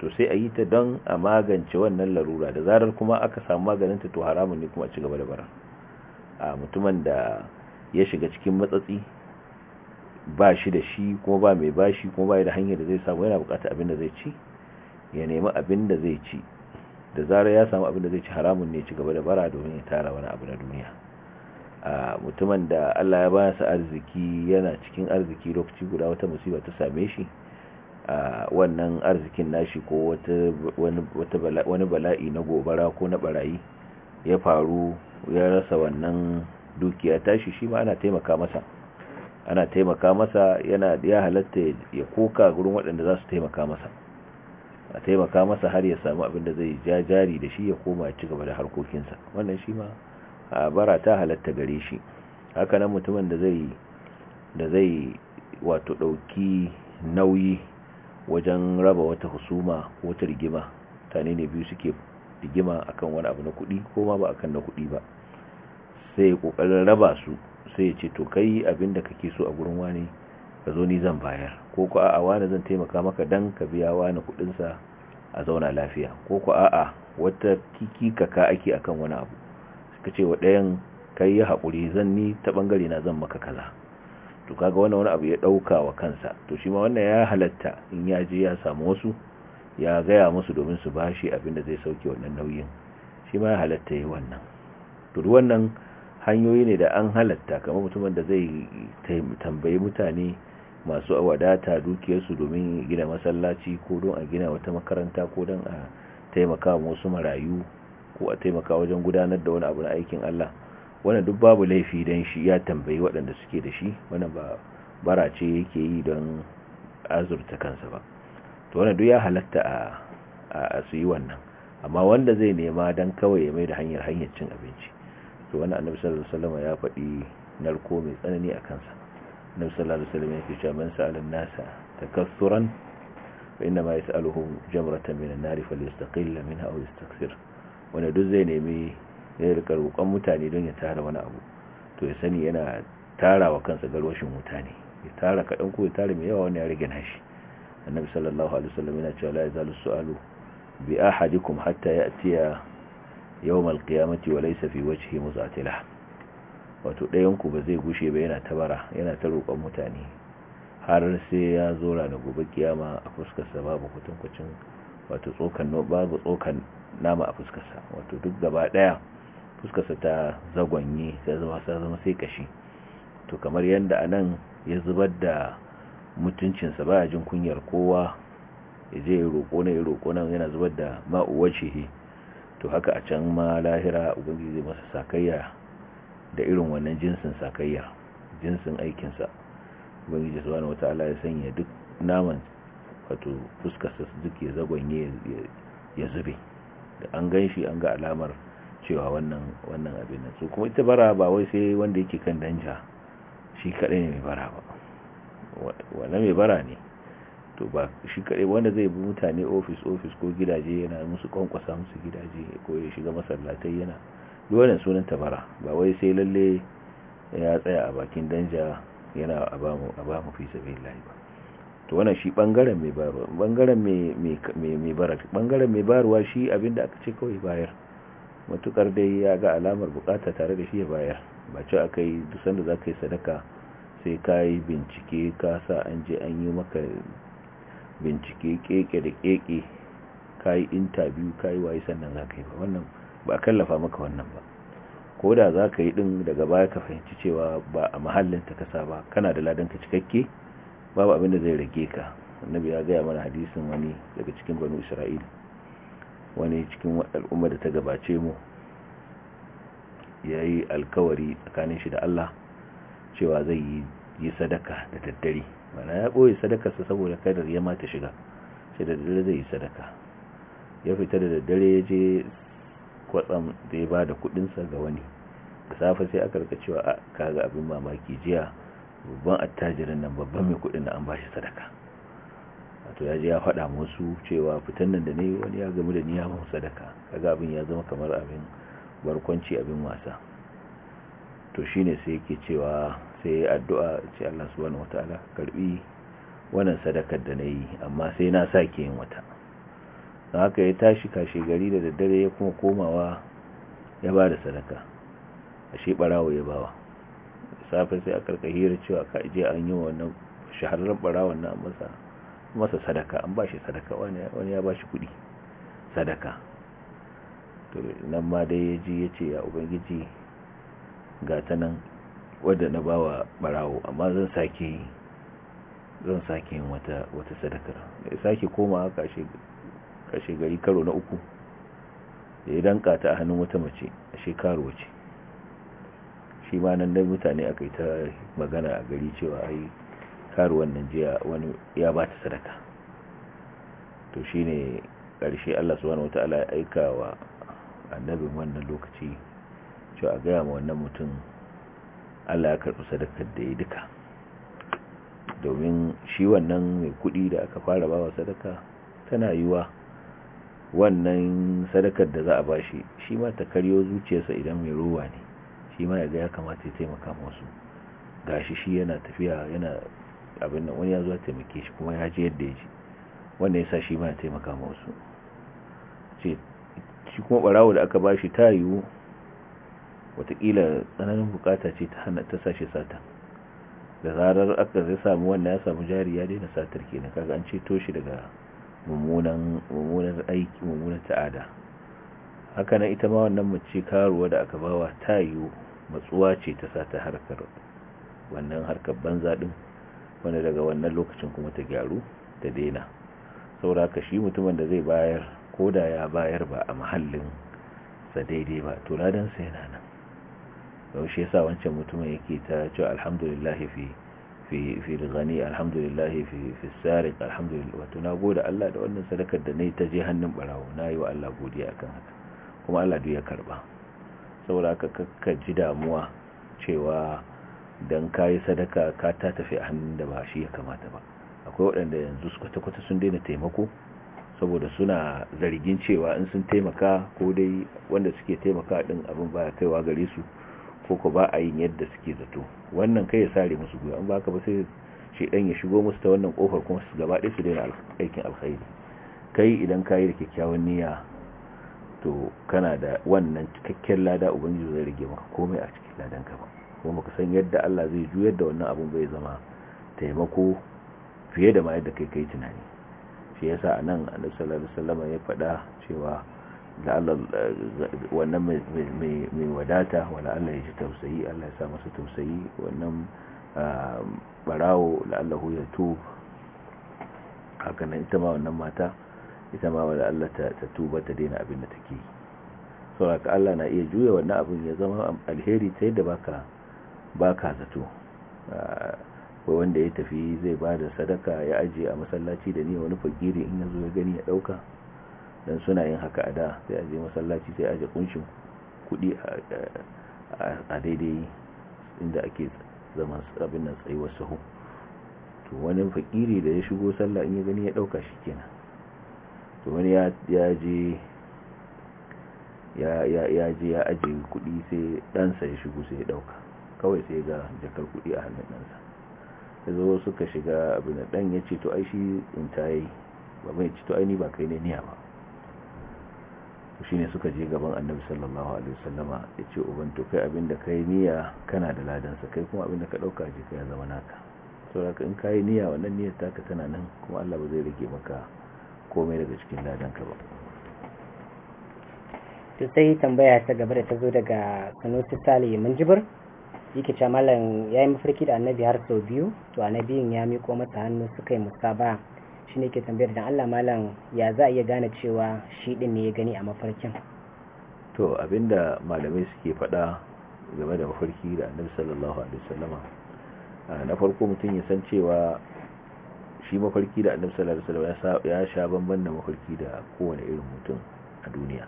to sai a yi ta don a magance wannan larura da zarar kuma aka samu maganin ta to haramun ne kuma a ci da bara a mutumin da ya shiga cikin matsatsi ba shi da shi kuma ba mai bashi kuma ba da hanyar da zai samu yana bukata abin da zai ci ya nemi abin da zai ci da zarar ya samu abin da zai ci haramun ne ci gaba da bara domin ya tara wani abu na duniya a mutumin da Allah ya ba sa arziki yana cikin arziki lokaci guda wata musiba ta same shi wannan arzikin nashi ko wani bala'i na gobara ko na barayi ya faru ya rasa wannan dukiya tashi shi ma ana taimaka masa ana taimaka masa yana ya halatta ya koka gurin waɗanda za su taimaka masa a taimaka masa har ya samu abin da zai ja jari da shi ya koma ya ci gaba da harkokinsa wannan shi ma a bara ta halatta gare shi haka nan mutumin da zai wato ɗauki nauyi wajen raba wata husuma ko wata rigima tane ne biyu suke rigima akan wani abu na kudi ko ma ba akan na kudi ba sai ya kokarin raba su sai ya ce to kai abin da kake so a gurin wani ka zo ni zan bayar ko ko a'a wani zan taimaka maka dan ka biya wani kuɗin sa a zauna lafiya ko ko a'a wata kiki kaka ake akan wani abu suka ce wa ɗayan kai ya haƙuri zan ni ta bangare na zan maka kaza to kaga wannan wani abu ya dauka wa kansa to shi ma wannan ya halatta in ya je ya samu wasu ya gaya musu domin su bashi abin da zai sauke wannan nauyin shi ma ya halatta yi wannan to wannan hanyoyi ne da an halatta kamar mutumin da zai tambayi mutane masu wadata dukiyarsu domin gina masallaci ko don a gina wata makaranta ko don a taimaka wasu marayu ko a taimaka wajen gudanar da wani abu na aikin Allah wannan duk babu laifi dan shi ya tambayi waɗanda suke da shi wannan ba bara ce yake yi don azurta kansa ba to wannan duk ya halatta a a su yi wannan amma wanda zai nema dan kawai ya mai da hanyar hanyar cin abinci to wannan annabi sallallahu alaihi wasallam ya faɗi narko mai tsanani a kansa annabi sallallahu alaihi wasallam ya cewa man sa'ala nasa takassuran fa inna ma yas'aluhum jamratan min an-nar falyastaqilla minha aw yastakthir wannan duk zai nemi ya rika roƙon mutane don ya tara wani abu to ya sani yana tara wa kansa garwashin mutane. ya tara kaɗan ko ya tara mai yawa wani ya rage nashi annabi sallallahu alaihi wasallam yana cewa la yazalu su'alu bi ahadikum hatta ya'tiya yawm al-qiyamati wa laysa fi wajhi muzatilah wato ɗayan ku ba zai gushe ba yana tabara yana ta roƙon mutane har sai ya zo da gobe kiyama a fuskarsa babu kutunkucin wato tsokan babu tsokan nama a fuskarsa wato duk gaba ɗaya fuskarsa ta zagonye ta zama sai zama sai kashi to kamar yadda anan ya zubar da mutuncinsa ba jin kunyar kowa ya je ya roƙo na ya roƙo nan yana zubar da ma'u wacihi to haka a can ma lahira ubangiji zai masa sakayya da irin wannan jinsin sakayya jinsin aikinsa ubangiji wata ala ya sanya duk naman wato fuskarsa duk ya zagonye ya zube da an gan shi an ga alamar cewa wannan wannan abin nan so kuma ita bara ba wai sai wanda yake kan danja shi kadai ne mai bara ba wanda mai bara ne to ba shi kadai wanda zai bi mutane office office ko gidaje yana musu kwankwasa musu gidaje ko ya shiga masallatai yana dole sunan tabara ba wai sai lalle ya tsaya a bakin danja yana a ba mu fi lahi ba to wannan shi bangaren mai bayarwa bangaren mai mai mai bara bangaren mai bayarwa shi abinda aka ce kawai bayar matukar dai ya ga alamar bukata tare da shi ya bayar ba ci aka yi dusan da za ka yi sadaka sai ka yi bincike ka sa an je an yi maka bincike keke da keke ka yi intabiyu ka yi waye sannan za ka yi ba wannan ba a kallafa maka wannan ba ko da za ka yi din daga baya ka fahimci cewa ba a mahallin ta kasa ba kana da ladanka cikakke babu abin da zai rage ka annabi ya gaya mana hadisin wani daga cikin banu isra'ila wani cikin al'umma da ta gabace mu ya yi alkawari tsakanin shi da Allah cewa zai yi sadaka da daddare mana ya ɓoye sadakarsa saboda kadar ya mata shiga sai da daddare zai yi sadaka ya fita da daddare ya je kwatsam da ya ba da kudinsa ga wani da safe sai aka rika cewa kaga abin mamaki jiya babban attajirin nan babban mai kudin da an ba shi sadaka wato ya je ya faɗa musu cewa fitan nan da ne wani ya gamu da niyyar sadaka kaga abin ya zama kamar abin barkwanci abin wasa to shine sai yake cewa sai addu'a ce Allah subhanahu wataala karbi wannan sadakar da nayi amma sai na sake yin wata don haka ya tashi kashi gari da daddare ya kuma komawa ya ba da sadaka shi barawo ya bawa safe sai a karkahira cewa ka je an yi wannan shahararren barawon na masa masa sadaka an ba shi sadaka wani ya ba shi kudi sadaka to nan ma dai ya ji ya ce ya ubangiji ga ta nan wadda na ba wa ɓarawo amma zan sake zan sake yin wata wata sadakar ya sake koma kashe gari karo na uku da ya danka ta a hannun wata mace a shekaru wace shi ma nan dai mutane aka yi ta magana a gari cewa ai karuwan nan jiya wani ya ba ta sadaka to shine ƙarshe Allah subhanahu wataala ya aika wa annabin wannan lokaci cewa a gaya ma wannan mutum Allah ya karɓi sadakar da ya duka domin shi wannan mai kuɗi da aka fara bawa sadaka tana yiwa wannan sadakar da za a bashi shi ma ta karyo zuciyarsa idan mai rowa ne shi ma ya ga ya kamata ya taimaka masu gashi shi yana tafiya yana abin nan wani ya zo ya taimake shi kuma ya ji yadda ya ji wanda ya sa shi ma ya taimaka ma wasu ce shi kuma barawo da aka ba shi ta yiwu watakila tsananin bukata ce ta hana ta sashe sata da zarar aka zai samu wanda ya samu jari ya daina satar kenan kaga an to shi daga mummunan aiki mummunan ta'ada haka nan ita ma wannan mace karuwa da aka bawa ta yiwu matsuwa ce ta sata harkar wannan harkar banza din wanda daga wannan lokacin kuma ta gyaru ta daina saboda haka shi mutumin da zai bayar ko da ya bayar ba a mahallin sa daidai ba to ladan sa yana nan yaushe shi yasa wancan mutumin yake ta ce alhamdulillah fi fi fi ghani alhamdulillah fi fi sariq alhamdulillah wato na gode Allah da wannan sadakar da nayi ta je hannun barawo nayi wa Allah godiya akan haka kuma Allah duk ya karba saboda haka kakka ji damuwa cewa don ka sadaka ka ta tafi a hannun da ba shi ya kamata ba akwai waɗanda yanzu kwata-kwata sun daina taimako saboda suna zargin cewa in sun taimaka ko dai wanda suke taimaka din abin ba ya kaiwa gare su ko ko ba a yin yadda suke zato wannan kai ya sare musu guya in baka ba sai dan ya shigo musu ta wannan kofar kuma su gaba ɗaya su daina aikin alkhairi kai idan ka yi da kyakkyawan niyya to kana da wannan cikakken lada ubangiji zai rage maka komai a cikin ladan ka ba kuma baka san yadda Allah zai juyar da wannan abun bai zama taimako fiye da ma yadda kai kai tunani shi yasa anan Annabi sallallahu alaihi wasallam ya faɗa cewa da Allah wannan mai wadata wala Allah ya ji tausayi Allah ya sa masa tausayi wannan barawo la Allah ya tuba haka nan ita ma wannan mata ita ma wala Allah ta tuba ta daina abin da take saboda Allah na iya juya wannan abin ya zama alheri ta da baka ba ka zato ba wanda ya tafi zai ba da sadaka ya ajiye a masallaci da ne wani fakiri in yanzu ya gani ya dauka dan suna yin haka a da sai aje masallaci sai aje kunshin kudi a daidai inda ake zama abin nan wasu hu to wani fakiri da ya shigo sallah in ya gani ya dauka shi kenan to wani ya je ya je ya ajiye kudi sai dansa ya shigo sai ya dauka kawai sai ga jakar kuɗi a hannun ɗansa ya zo suka shiga abin da ɗan ya ce to ai shi in ta yi ba ya ce to ai ni ba kai ne niya ba shi ne suka je gaban annabi sallallahu alaihi wasallama ya ce uban to kai abin da kai niya kana da ladansa kai kuma abin da ka ɗauka je ya zama naka sauraka in kayi niya niyya wannan niyyar taka tana nan kuma Allah ba zai rage maka komai daga cikin ladanka ba to sai tambaya ta gaba da ta zo daga tali mun jibir yake cewa malam ya yi mafarki da annabi har sau biyu to annabiyin ya miko masa hannu suka yi musaba shi ne ke tambayar da allah malam ya za a iya gane cewa shi ɗin ne ya gani a mafarkin to abinda malamai suke faɗa game da mafarki da annabi sallallahu alaihi wasallama na farko mutum ya san cewa shi mafarki da annabi sallallahu alaihi wasallama ya sha bamban da mafarki da kowane irin mutum a duniya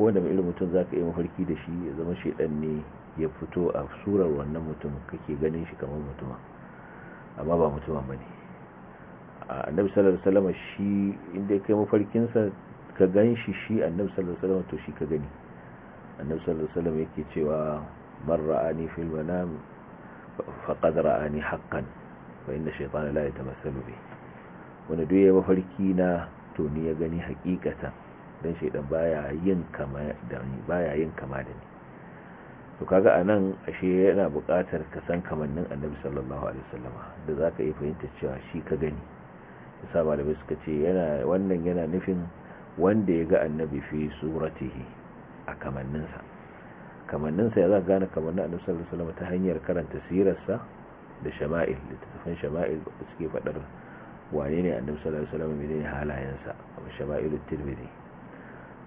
kowane mai irin mutum zaka yi mafarki da shi ya zama shedan ne ya fito a surar wannan mutum kake ganin shi kamar mutuma amma ba mutuma ba ne annabi salar salama shi inda kai mafarkinsa ka gan shi shi annabi salar salama to shi ka gani annabi salar salama yake cewa man ra'ani fil manam faqad ra'ani haqqan fa inna shaytana la yatamassalu bi wani duk yi mafarki na to ni ya gani hakikatan don shaydan baya yin kama da ni to kaga anan ashe yana buƙatar ka san kamannin annabi sallallahu alaihi wasallama da zaka iya fahimta cewa shi ka gani yasa malamai suka ce yana wannan yana nufin wanda ya ga annabi fi suratihi a kamanninsa kamanninsa ya za gane kamannin annabi sallallahu alaihi wasallama ta hanyar karanta sirarsa da shama'il littattafan shama'il suke faɗar wane ne annabi sallallahu alaihi wasallam menene halayensa shama'il shama'ilul tirmidhi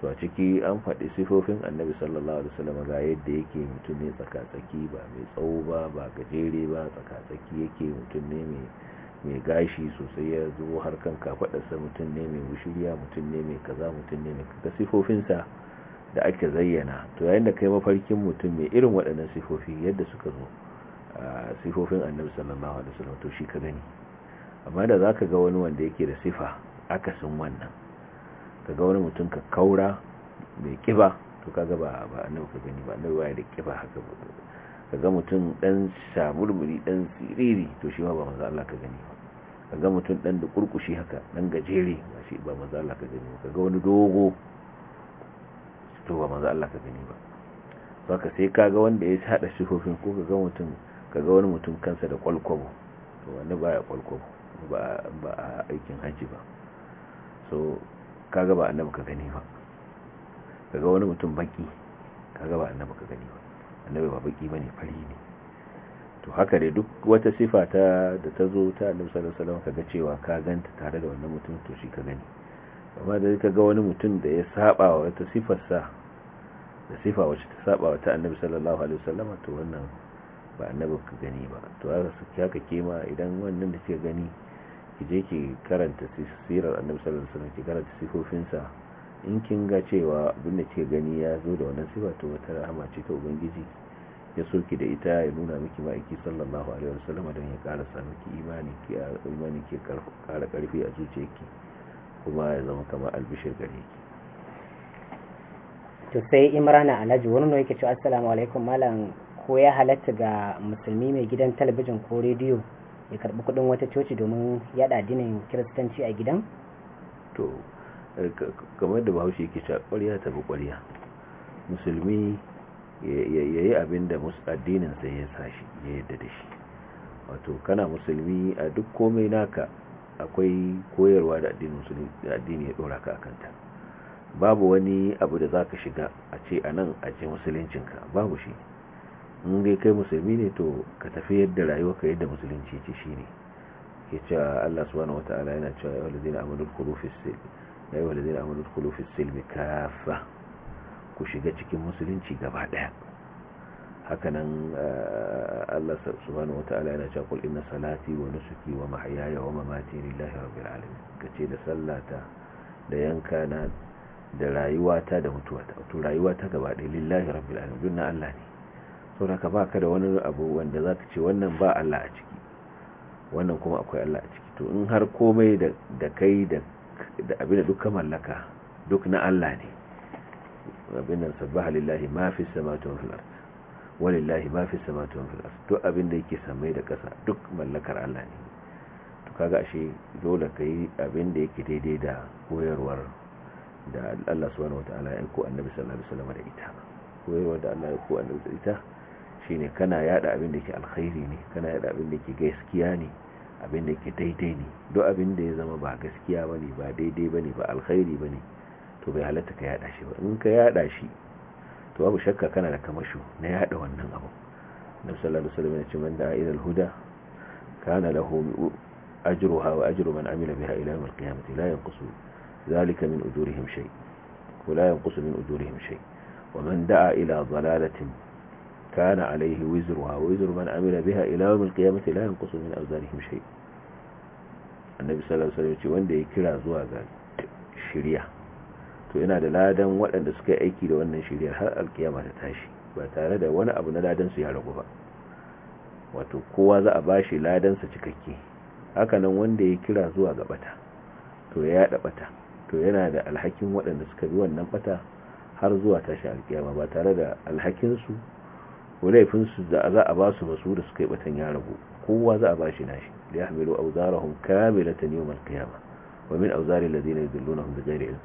to a ciki an faɗi sifofin annabi sallallahu alaihi wasallam ga yadda yake mutum ne tsakatsaki ba mai tsawo ba ba gajere ba tsakatsaki yake mutum ne mai mai gashi sosai ya zo har kan kafaɗarsa mutum ne mai wushiriya mutum ne mai kaza mutum ne mai kaga sifofinsa da ake zayyana to yayin da kai mafarkin mutum mai irin waɗannan sifofi yadda suka zo sifofin annabi sallallahu alaihi wasallam to shi ka gani amma da zaka ga wani wanda yake da sifa akasin wannan kaga wani mutum ka kaura mai kiba to kaga ba ba annabi ka gani ba annabi baya da kiba haka kaga mutum dan shaburburi dan siriri to shi ba manzo Allah ka gani ba kaga mutum dan da kurkushi haka dan gajere ba shi ba manzo Allah ka gani ba kaga wani dogo to ba manzo Allah ka gani ba saka sai kaga wanda ya sada shihofin ko kaga mutum kaga wani mutum kansa da kwalkwabo to wani baya kwalkwabo ba ba aikin haji ba so kaga ba annabi ka gani ba kaga wani mutum baki kaga ba annabi ka gani ba annabi ba baki bane fari ne to haka dai duk wata sifa ta da ta zo ta annabi sallallahu alaihi wasallam kaga cewa ka ganta tare da wannan mutum to shi ka gani amma da ga wani mutum da ya saba wa wata sifar sa da sifa wacce ta saba wa ta annabi sallallahu alaihi wasallam to wannan ba annabi ka gani ba to haka kema idan wannan da ke gani ki je ki karanta sirar annabi sallallahu alaihi wasallam ki karanta sifofinsa in kin ga cewa binne kike gani ya zo da wannan sifa to wata rahama ce ta ubangiji ya soki da ita ya nuna miki ma aiki sallallahu alaihi wasallam don ya kara sa miki imani ki imani ki kara karfi a zuciyarki kuma ya zama kamar albishir gare ki to sai imrana alhaji wani ne yake cewa assalamu alaikum malam ko ya halatta ga musulmi mai gidan talabijin ko rediyo ya karbi kudin wata coci domin yada addinin kiristanci a gidan to eh, kamar da bahaushe ke cewa ƙwarya ta bi musulmi ya yi abin da addinin sai ya sashi ya yadda da shi wato kana musulmi a duk komai naka akwai koyarwa da addini ya dora ka akanta babu wani abu da za ka shiga a ce a nan a ce musuluncinka babu shi in dai kai musulmi ne to ka tafi yadda rayuwarka yadda musulunci ce shine ke cewa Allah subhanahu wataala yana cewa ya walidina amanul kulufis sil ya walidina kulufis sil silmi kafa ku shiga cikin musulunci gaba daya hakanan eh, Allah subhanahu wataala yana cewa kul inna salati wa nusuki wa mahyaya wa mamati lillahi rabbil alamin kace da sallata da yanka na da rayuwata da mutuwata to rayuwata gaba daya lillahi rabbil alamin dunna Allah ne sauraka ba ka da wani abu wanda za ka ce wannan ba Allah a ciki wannan kuma akwai Allah a ciki to in har komai da kai da abin da dukkan mallaka duk na Allah ne abin da sabbaha lillahi ma fi samawati wal ard walillahi ma fi samawati ard duk abin da yake samai da ƙasa duk mallakar Allah ne to kaga ashe dole yi abin da yake daidai da koyarwar da Allah subhanahu wataala ya ko annabi sallallahu alaihi wasallam da ita koyarwar da Allah ya ko annabi da ita shine kana yada abin da ke alkhairi ne kana yada abin da ke gaskiya ne abin da ke daidai ne duk abin da ya zama ba gaskiya ba ne ba daidai ba ne ba alkhairi ne to bai halatta ka yada shi ba in ka yada shi to babu shakka kana da kamasho na yada wannan abu nabi sallallahu alaihi wasallam ya ce man da'a ila al-huda kana lahu ajruha wa ajru man amila biha ila yawm al-qiyamah la yanqusu dhalika min ujurihim shay wa la yanqusu min ujurihim shay ومن دعا إلى ضلالة كان عليه وزرها وزر من عمل بها إلى يوم القيامة لا ينقص من أوزانهم شيء النبي صلى الله عليه وسلم وان دي كرا زوا ga تو انا yana da ladan waɗanda suka yi aiki da wannan shiriyar har alkiyama ta tashi ba tare da wani abu na ladan su ya ragu ba wato kowa za a bashi ladan sa cikakke haka nan wanda ya kira zuwa ga bata to ya da bata to yana da alhakin waɗanda suka bi wannan bata har zuwa tashi alkiyama ba tare da alhakin su laifin su da za a ba su masu da suka yi batan ya rabu kowa za a ba shi nashi da ya hamilu auzarahum kamilatan yawmal qiyamah wa min auzari alladhina yudillunahum bighairi ilm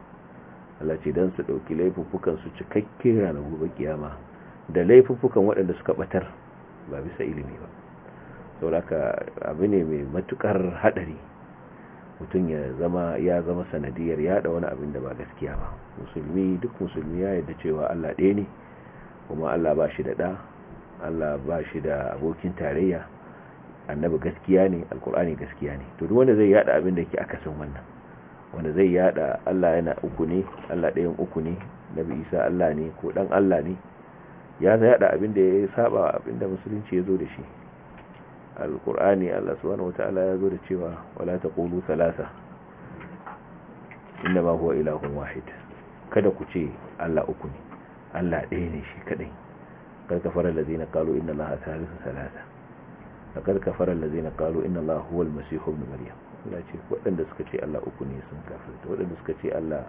Allah ce don su dauki laifuffukan su cikakken ranar gobe kiyama da laifuffukan waɗanda suka batar ba bisa ilimi ba sauraka abu ne mai matukar haɗari mutum ya zama ya zama sanadiyar yada wani abin da ba gaskiya ba musulmi duk musulmi ya da cewa Allah ɗaya ne kuma Allah ba shi da ɗa Allah ba shi da abokin tarayya annabi gaskiya ne alkur'ani gaskiya ne to duk wanda zai yada abin da yake akasin wannan wanda zai yada Allah yana uku ne Allah ɗayan uku ne nabi Isa Allah ne ko dan Allah ne ya zai yada abin da ya saba abin da musulunci ya zo da shi alkur'ani Allah subhanahu wataala ya zo da cewa wala taqulu salasa, inna ma huwa ilahun wahid kada ku ce Allah uku ne Allah ɗaya ne shi kadai لقد كفر الذين قالوا إن الله ثالث ثلاثة لقد كفر الذين قالوا إن الله هو المسيح ابن مريم Allah ce wadanda suka ce Allah uku ne sun kafirta wadanda suka ce Allah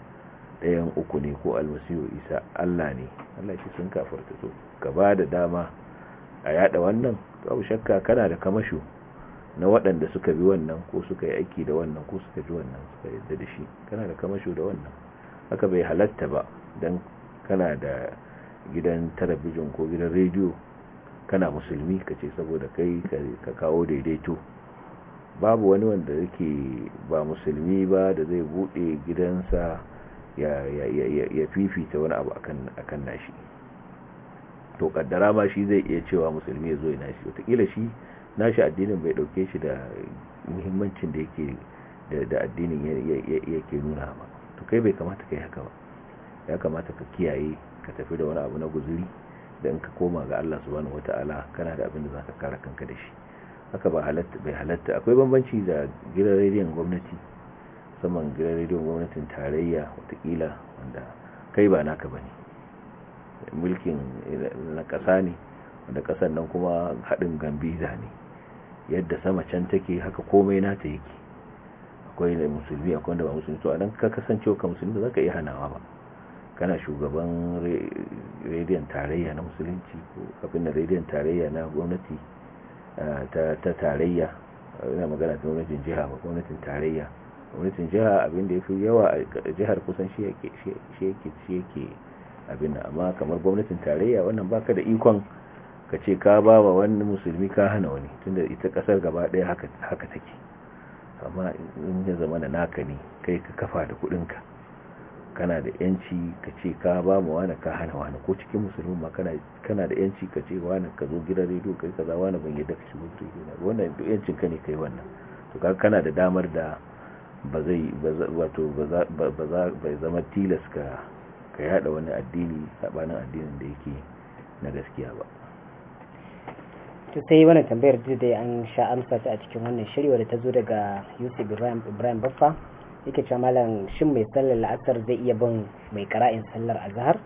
ɗayan uku ne ko almasihu isa Allah ne Allah ce sun kafirta to ka ba da dama a yada wannan babu shakka kana da kamasho na waɗanda suka bi wannan ko suka yi aiki da wannan ko suka ji wannan suka yadda da shi kana da kamasho da wannan haka bai halatta ba dan kana da gidan talabijin ko gidan rediyo kana musulmi ka ce saboda kai ka kawo daidaito babu wani wanda yake ba musulmi ba da zai bude gidansa ya fifita wani abu akan nashi to kaddara ma shi zai iya cewa musulmi ya zo ya nashi watakila shi nashi addinin bai dauke shi da muhimmancin da yake da addinin yake nuna ba to kai bai kamata kai haka ba ya kamata ka kiyaye ka tafi da wani abu na guzuri da ka koma ga Allah subhanahu wata'ala kana da abin da za ka kare kanka da shi haka ba bai halatta akwai bambanci da gidan rediyon gwamnati saman gidan rediyon gwamnatin tarayya watakila wanda kai ba naka bane mulkin na ƙasa ne wanda ƙasar nan kuma haɗin gambiza ne yadda sama can take haka komai nata yake akwai musulmi akwai wanda ba musulmi to a nan ka kasancewa ka musulmi ba za ka iya hanawa ba kana shugaban rediyon tarayya na musulunci ko kafin da rediyon tarayya na gwamnati ta tarayya yana magana ta gwamnatin jiha ba gwamnatin tarayya gwamnatin jiha abinda da ya fi yawa a jihar kusan shi yake shi yake abin amma kamar gwamnatin tarayya wannan baka da ikon ka ce ka ba wa wani musulmi ka hana wani tunda ita kasar gaba ɗaya haka take amma in ya zama na naka ne kai ka kafa da kuɗinka kana da yanci ka ce ka ba mu wani ka hana wani ko cikin musulmi ma kana da yanci ka ce wani ka zo gidan rediyo kai kaza wani ban yadda ka shigo rediyo na wannan duk yancin ka ne kai wannan to ka kana da damar da ba zai zama tilas ka ka yada wani addini sabanin addinin da yake na gaskiya ba to sai wani tambayar da an sha amsa ta a cikin wannan shirya da ta zo daga Yusuf Ibrahim Ibrahim Baffa yake cewa malam shin mai sallar la'asar zai iya bin mai kara'in sallar azhar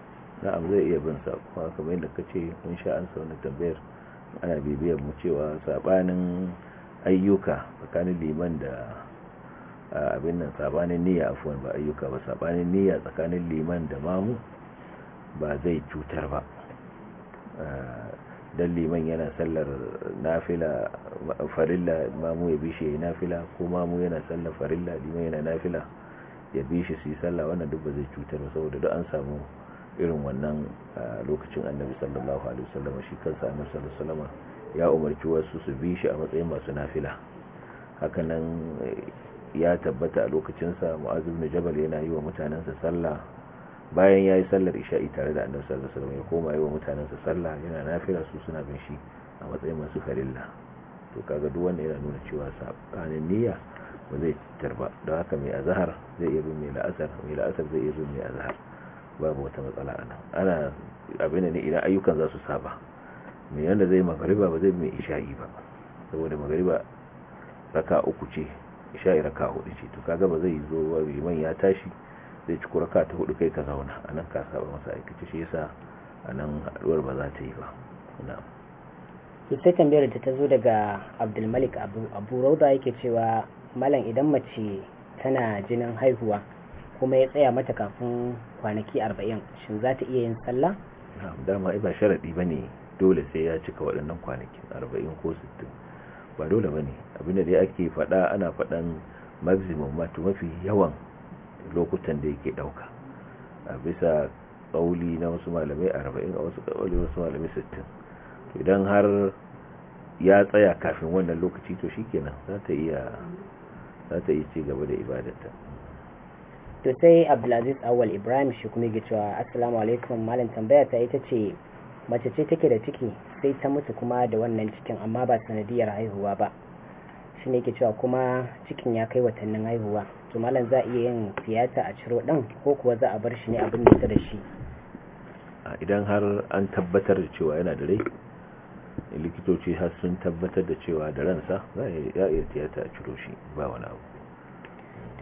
na'am zai iya bin sa kuma kamar yadda kace mun sha an sauna tambayar ana bibiyar mu cewa sabanin ayyuka tsakanin liman da abin nan sabanin niyya afwan ba ayyuka ba sabanin niyya tsakanin liman da mamu ba zai cutar ba dan liman yana sallar nafila farilla mamu ya bishe yayi nafila ko mamu yana sallar farilla liman yana nafila ya bishe su yi sallah wannan duk ba zai cutar ba saboda duk an samu irin wannan lokacin annabi sallallahu alaihi wasallam shi kansa annabi sallallahu alaihi wasallam ya umarci wasu su bi a matsayin masu nafila hakanan ya tabbata a lokacinsa mu'azib ibn jabal yana yi wa mutanansa sallah bayan ya yi sallar isha'i tare da annabi sallallahu alaihi wasallam ya koma yi wa mutanensa sallah yana fira su suna bin shi a matsayin masu farilla to kaga duk wanda yana nuna cewa sabanin niyya ba zai tarba da haka mai azhar zai iya bin mai la'asar mai la'asar zai iya bin mai azhar babu wata matsala ana ana abin ne idan ayyukan za su saba mai yanda zai magariba ba zai mai isha'i ba saboda magariba raka uku ce isha'i raka hudu ce to kaga ba zai zo ba liman ya tashi zai ci kuraka ta hudu kai ka zauna a nan ka saba masa aikace shi yasa a nan haduwar ba za ta yi ba na'am sai tambayar da ta zo daga abdulmalik abu rauda yake cewa malam idan mace tana jinin haihuwa kuma ya tsaya mata kafin kwanaki arba'in shin za ta iya yin sallah dama ba sharaɗi ba ne dole sai ya cika waɗannan kwanakin arba'in ko sittin ba dole ba ne abinda dai ake faɗa ana faɗan maximum mafi yawan lokutan da yake dauka a bisa kauli na wasu malamai 40 a wasu kauli wasu malamai 60 idan har ya tsaya kafin wannan lokaci to shikenan za ta za ta yi ci gaba da ibadarta to sai Abdulaziz Awal Ibrahim shi kuma yake cewa assalamu alaikum malam tambaya ta ita ce mace ce take da ciki sai ta mutu kuma da wannan cikin amma ba sanadiyar haihuwa ba shine yake cewa kuma cikin ya kai watannin haihuwa to malam za a iya yin tiyata a ciro ɗin ko kuwa za a bar shi ne abin da da shi idan har an tabbatar da cewa yana da rai likitoci har sun tabbatar da cewa da ransa za a iya tiyata a ciro shi ba wani abu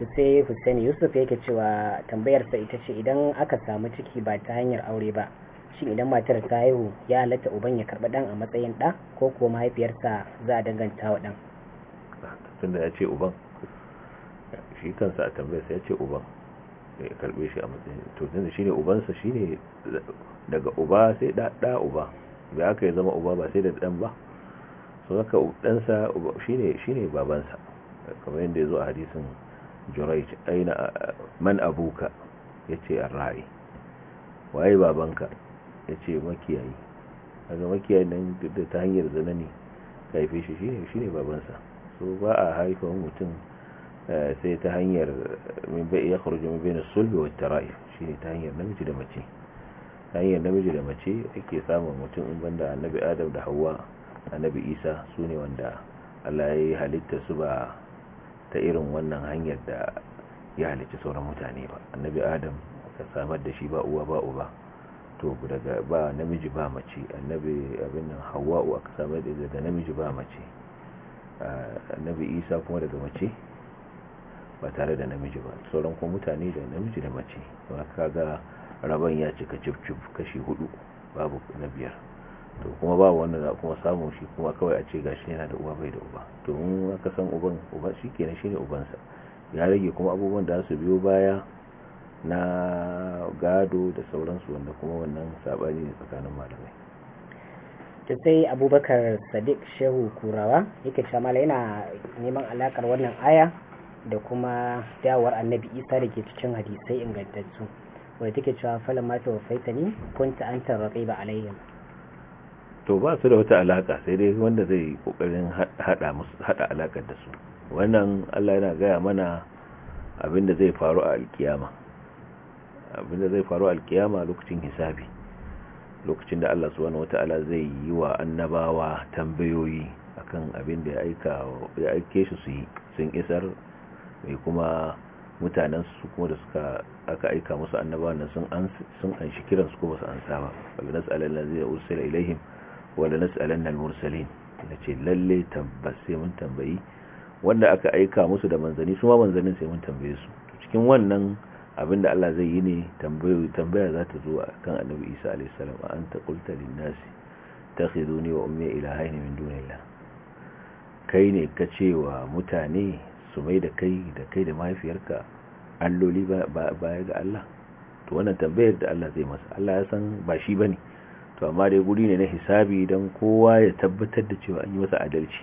Ta sai Hussein Yusuf yake cewa tambayarsa ita ce idan aka samu ciki ba ta hanyar aure ba shi idan matar ta haihu ya halatta uban ya karɓi ɗan a matsayin ɗa ko kuwa mahaifiyarsa za a danganta wa ɗan tunda ya ce uban shi kansa a sai ya ce uban ya karbe shi a matsayin to tunda shine ubansa shine daga uba sai da da uba ba aka ya zama uba ba sai da dan ba so haka ɗansa shine shine babansa kamar yadda ya zo a hadisin jurayj aina man abuka yace arra'i waye babanka yace makiyayi daga makiyayi nan da ta hanyar zanani haife shi shine shine babansa so ba a haifa mutum Eh, sai ta hanyar eh, min bai ya kharuju min bayin sulbi wa tara'i ne ta hanyar namiji da mace ta hanyar namiji da mace ake samun mutum in banda annabi adam da hawa annabi isa su ne wanda Allah ya yi halitta su ba ta irin wannan hanyar da ya halitta sauran mutane ba annabi adam ka samar da shi ba uwa ba uba to daga ba namiji ba mace annabi abin nan hawa'u aka samar da daga namiji ba mace eh, annabi isa kuma daga mace ba tare da namiji ba sauran kuma mutane da namiji da mace ba ga rabon ya cika cif-cif kashi hudu babu na biyar to kuma ba wanda za kuma samun shi kuma kawai a ce gashi yana da uba bai da uba domin aka san uban uba shi ke shi ne ubansa ya rage kuma abubuwan da su biyo baya na gado da sauransu wanda kuma wannan sabani ne tsakanin malamai ta sai abubakar sadiq shehu kurawa yake cewa yana neman alakar wannan aya da kuma dawar annabi isa da ke cikin hadisai ingantattu wadda take cewa falon mata faita ne kunta an kai ba alayyam to ba su da wata alaka sai dai wanda zai kokarin hada alakar da su wannan allah yana gaya mana da zai faru a alkiyama da zai faru a alkiyama lokacin hisabi lokacin da allah subhanahu wata'ala zai yi wa annabawa tambayoyi akan abin da ya aika ya aike shi su yi sun isar mai kuma mutanen su kuma da suka aka aika musu annaba nan sun an sun anshi kiran su kuma su ansa ba wala nas'alan lazina ursila ilaihim wala nas'alan al mursalin nace lalle tabbas sai mun tambayi wanda aka aika musu da manzani su ma manzanin sai mun tambaye su cikin wannan abin da Allah zai yi ne tambayoyi tambaya za ta zo kan annabi Isa alayhi salam an ta qulta lin nas takhuduni wa ummi ilahaini min dunillah kai ne kacewa wa mutane su mai da kai da kai da mahaifiyarka alloli baya ga Allah to wannan tambayar da Allah zai masa Allah ya san ba shi bane to amma dai guri ne na hisabi dan kowa ya tabbatar da cewa an yi masa adalci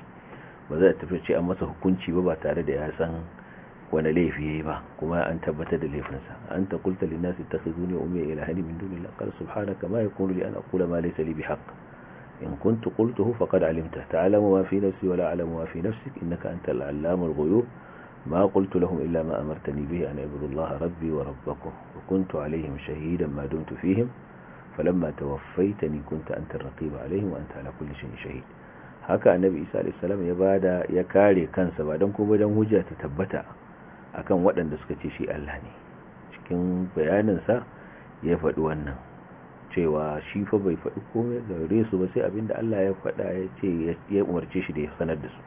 ba za a tafi ce an masa hukunci ba ba tare da ya san wani laifi yayi ba kuma an tabbatar da laifinsa an ta qulta lin-nasi ittakhizuni ummi ilahan min dunillahi qala subhanaka ma yakunu li an aqula ma laysa li bihaqq إن كنت قلته فقد علمته تعلم ما في نفسي ولا أعلم ما في نفسك إنك أنت العلام الغيوب ما قلت لهم إلا ما أمرتني به أن اعبدوا الله ربي وربكم وكنت عليهم شهيدا ما دمت فيهم فلما توفيتني كنت أنت الرقيب عليهم وأنت على كل شيء شهيد haka annabi isa alaihissalam ya bada ya kare kansa ba don kuma don hujja ta tabbata akan waɗanda suka ce shi Allah ne cikin bayaninsa ya faɗi wannan cewa shi fa bai faɗi komai gare su ba sai abinda Allah ya faɗa ya ce ya umarce shi da ya sanar da su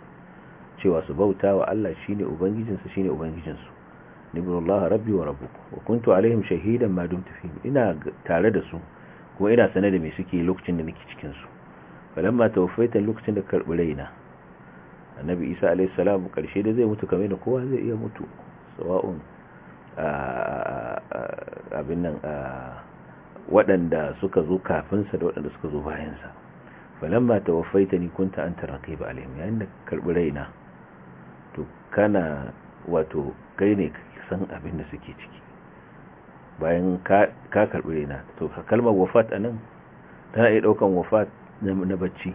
cewa su bauta wa Allah shine ubangijinsa shine ubangijinsu nibulullah rabbi wa rabbuk wa kuntu alaihim shahidan ma dumtu fihim ina tare da su kuma ina sanar da me suke lokacin da nake cikin su falamma tawaffaita lokacin da karbi raina annabi isa alaihi salam karshe da zai mutu kamar da kowa zai iya mutu sawa'un abin nan waɗanda suka zo kafinsa da waɗanda suka zo bayansa ta tawaffaita ni kunta anta ba alaihim yayin da karbi raina to kana wato kai ne san abin da suke ciki bayan ka karbi raina to kalmar wafat nan? tana iya daukan wafat na bacci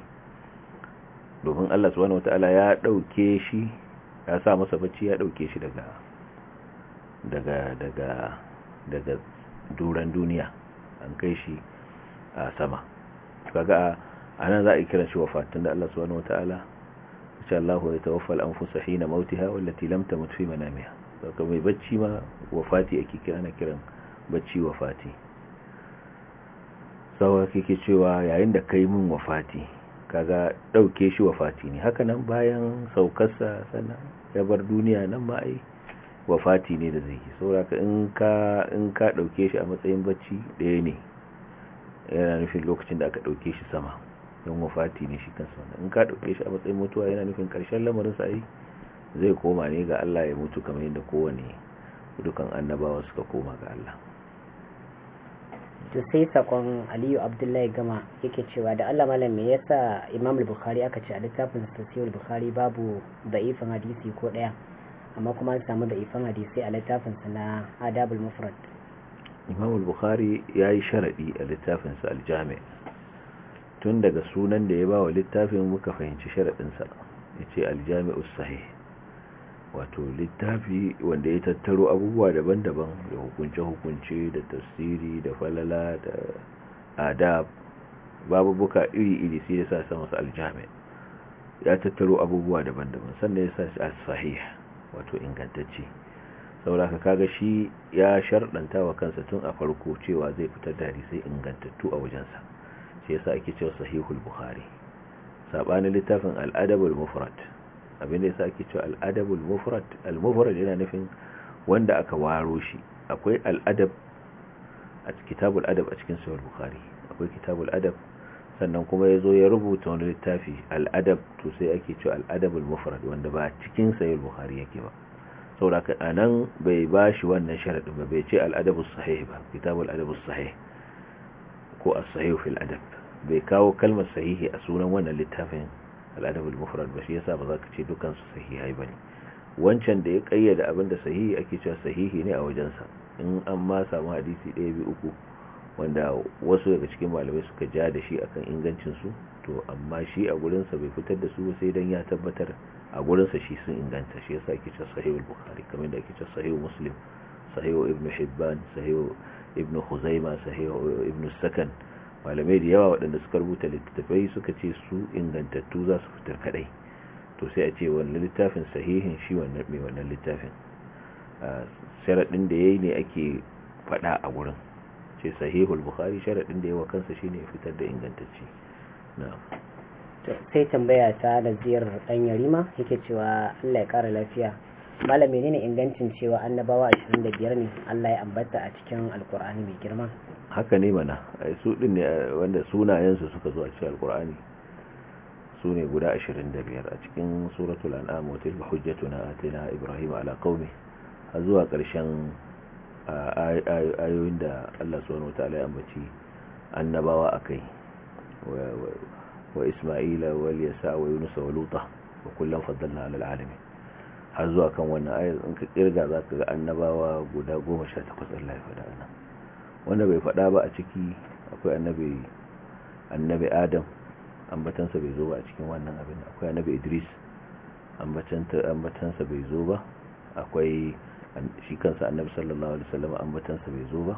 domin Allah subhanahu wataala ya dauke shi ya sa masa bacci ya ɗauke shi daga daga daga duran duniya an kai shi a sama kaga a nan za a yi kiran shi wafa tun da Allah subhanahu wataala insha Allah ya tawaffa al-anfusa hina mautiha wallati lam tamut fi manamiha kaga mai bacci ma wafati ake kira ana kiran bacci wafati sawa kike cewa yayin da kai min wafati kaga dauke shi wafati ne haka nan bayan saukarsa sana ya bar duniya nan ma ai wafati ne da zai saboda in ka in ka dauke shi a matsayin bacci ɗaya ne yana nufin lokacin da aka dauke shi sama don wafati ne shi kansa in ka dauke shi a matsayin mutuwa yana nufin karshen lamarin sa yi zai koma ne ga Allah ya mutu kamar yadda kowane dukan annabawa suka koma ga Allah to sai sakon aliyu abdullahi gama yake cewa da allah malam me yasa imam al-bukhari aka ce a littafin sahih bukhari babu da'ifin hadisi ko daya amma kuma an samu da ifan hadisai a littafinsa na adabul mufrad imam bukhari ya yi sharaɗi a littafinsa al-jami tun daga sunan da ya ba wa littafin muka fahimci sharaɗinsa ya ce aljami usahi wato littafi wanda ya tattaro abubuwa daban-daban da hukunce-hukunce da tafsiri da falala da adab babu buka iri-iri sai ya sa masa al-jami ya tattaro abubuwa daban-daban sannan ya sa shi a sahih wato ingantacce saboda kaga shi ya sharɗanta wa kansa tun a farko cewa zai fitar da hadisai ingantattu a wajensa shi yasa ake cewa sahihul bukhari sabanin littafin al-adabul mufrad abin da yasa ake cewa al mufrad al-mufrad yana nufin wanda aka waro shi akwai al-adab a kitabul adab a cikin sahih bukhari akwai kitabul adab sannan kuma ya zo ya rubuta wani littafi al'adab to sai ake cewa al'adabul mufrad wanda ba cikin sayil bukhari yake ba saboda a nan bai ba shi wannan sharaɗin ba bai ce al'adabul sahih ba kitabul adabul sahih ko as-sahih fil adab bai kawo kalmar sahihi a sunan wannan littafin al'adabul mufrad ba shi yasa ba za ka ce dukansu su sahihai bane wancan da ya kayyada abin da sahihi ake cewa sahihi ne a wajensa in an ma samu hadisi ɗaya biyu uku wanda wasu daga cikin malamai suka ja da shi akan ingancinsu to amma shi a gurinsa bai fitar da su sai don ya tabbatar a gurinsa shi sun inganta shi yasa ake cewa sahihul bukhari kamar da ake cewa sahihul muslim sahihu ibn hibban sahihu ibn khuzaima sahihu ibn sakan malamai da yawa waɗanda suka rubuta littattafai suka ce su ingantattu za su fitar kadai to sai a ce wannan littafin sahihin shi wannan mai wannan littafin ah, sharaɗin da yayi ne ake faɗa a gurin ce sahihul bukhari sharadin da yawa kansa shine fitar da ingantacci sai tambaya ta da ziyarar dan yarima yake cewa Allah ya kara lafiya malam menene ingancin cewa annabawa 25 ne Allah ya ambata a cikin alkur'ani mai girma haka ne mana su din ne eh, wanda sunayensu suka zo a cikin alkur'ani su ne guda 25 a cikin suratul an'am wa tilka hujjatuna atina ibrahim ala qaumi har zuwa karshen. ayoyin da Allah subhanahu wataala alai ambaci annabawa kai wa Isma'ila wa Yasa wa Yunus wa Luta wa kullum faddalna alal alamin har zuwa kan wannan ayar in ka kirga ka ga annabawa guda goma sha takwas Allah ya faɗa nan wanda bai faɗa ba a ciki akwai annabi annabi Adam ambatansa bai zo ba a cikin wannan abin akwai annabi Idris ambatansa bai zo ba akwai shi kansa annabi sallallahu alaihi wasallam ambatansa bai zo ba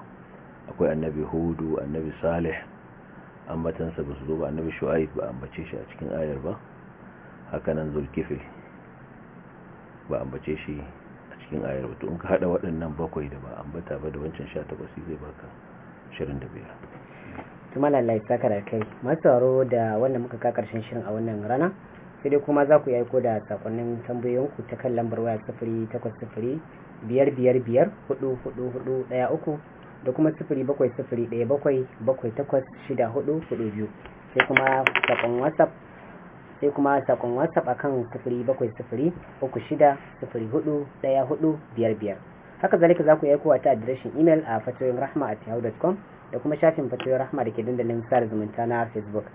akwai annabi hudu annabi salih ambatansa ba su zo ba annabi shu'aib ba ambace shi a cikin ayar ba hakanan zulkifil ba ambace shi a cikin ayar ba to in ka hada waɗannan bakwai da ba ambata ba da wancan 18 zai baka 25 kuma lallai saka da kai masu da wanda muka ka karshen shirin a wannan rana sai dai kuma za ku yi aiko da sakonnin tambayoyinku ta kan lambar waya sifiri takwas biyar biyar biyar hudu hudu hudu daya uku da kuma sifiri bakwai sifiri daya bakwai bakwai takwas shida hudu hudu biyu sai kuma sakon whatsapp sai kuma sakon whatsapp akan sifiri bakwai sifiri uku shida sifiri hudu daya hudu biyar biyar haka zalika za ku yi kowa ta adireshin imel a fatoyin rahma at yahoo.com da kuma shafin fatoyin rahma da ke dandalin sada zumunta na facebook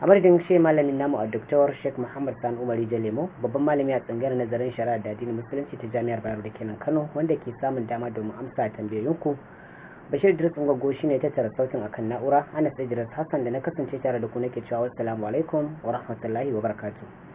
a madadin shi malamin namu a doktor sheikh muhammad san umari jalemo babban malami a tsangayar nazarin shari'a da addinin musulunci ta jami'ar bayero da kenan kano wanda ke samun dama domin amsa tambayoyin tambayoyinku bashir idris ungwaggo shi ne tattara sautin akan na'ura anas idris hassan da na kasance tare da ku nake cewa wassalamu alaikum wa rahmatullahi wa barakatuh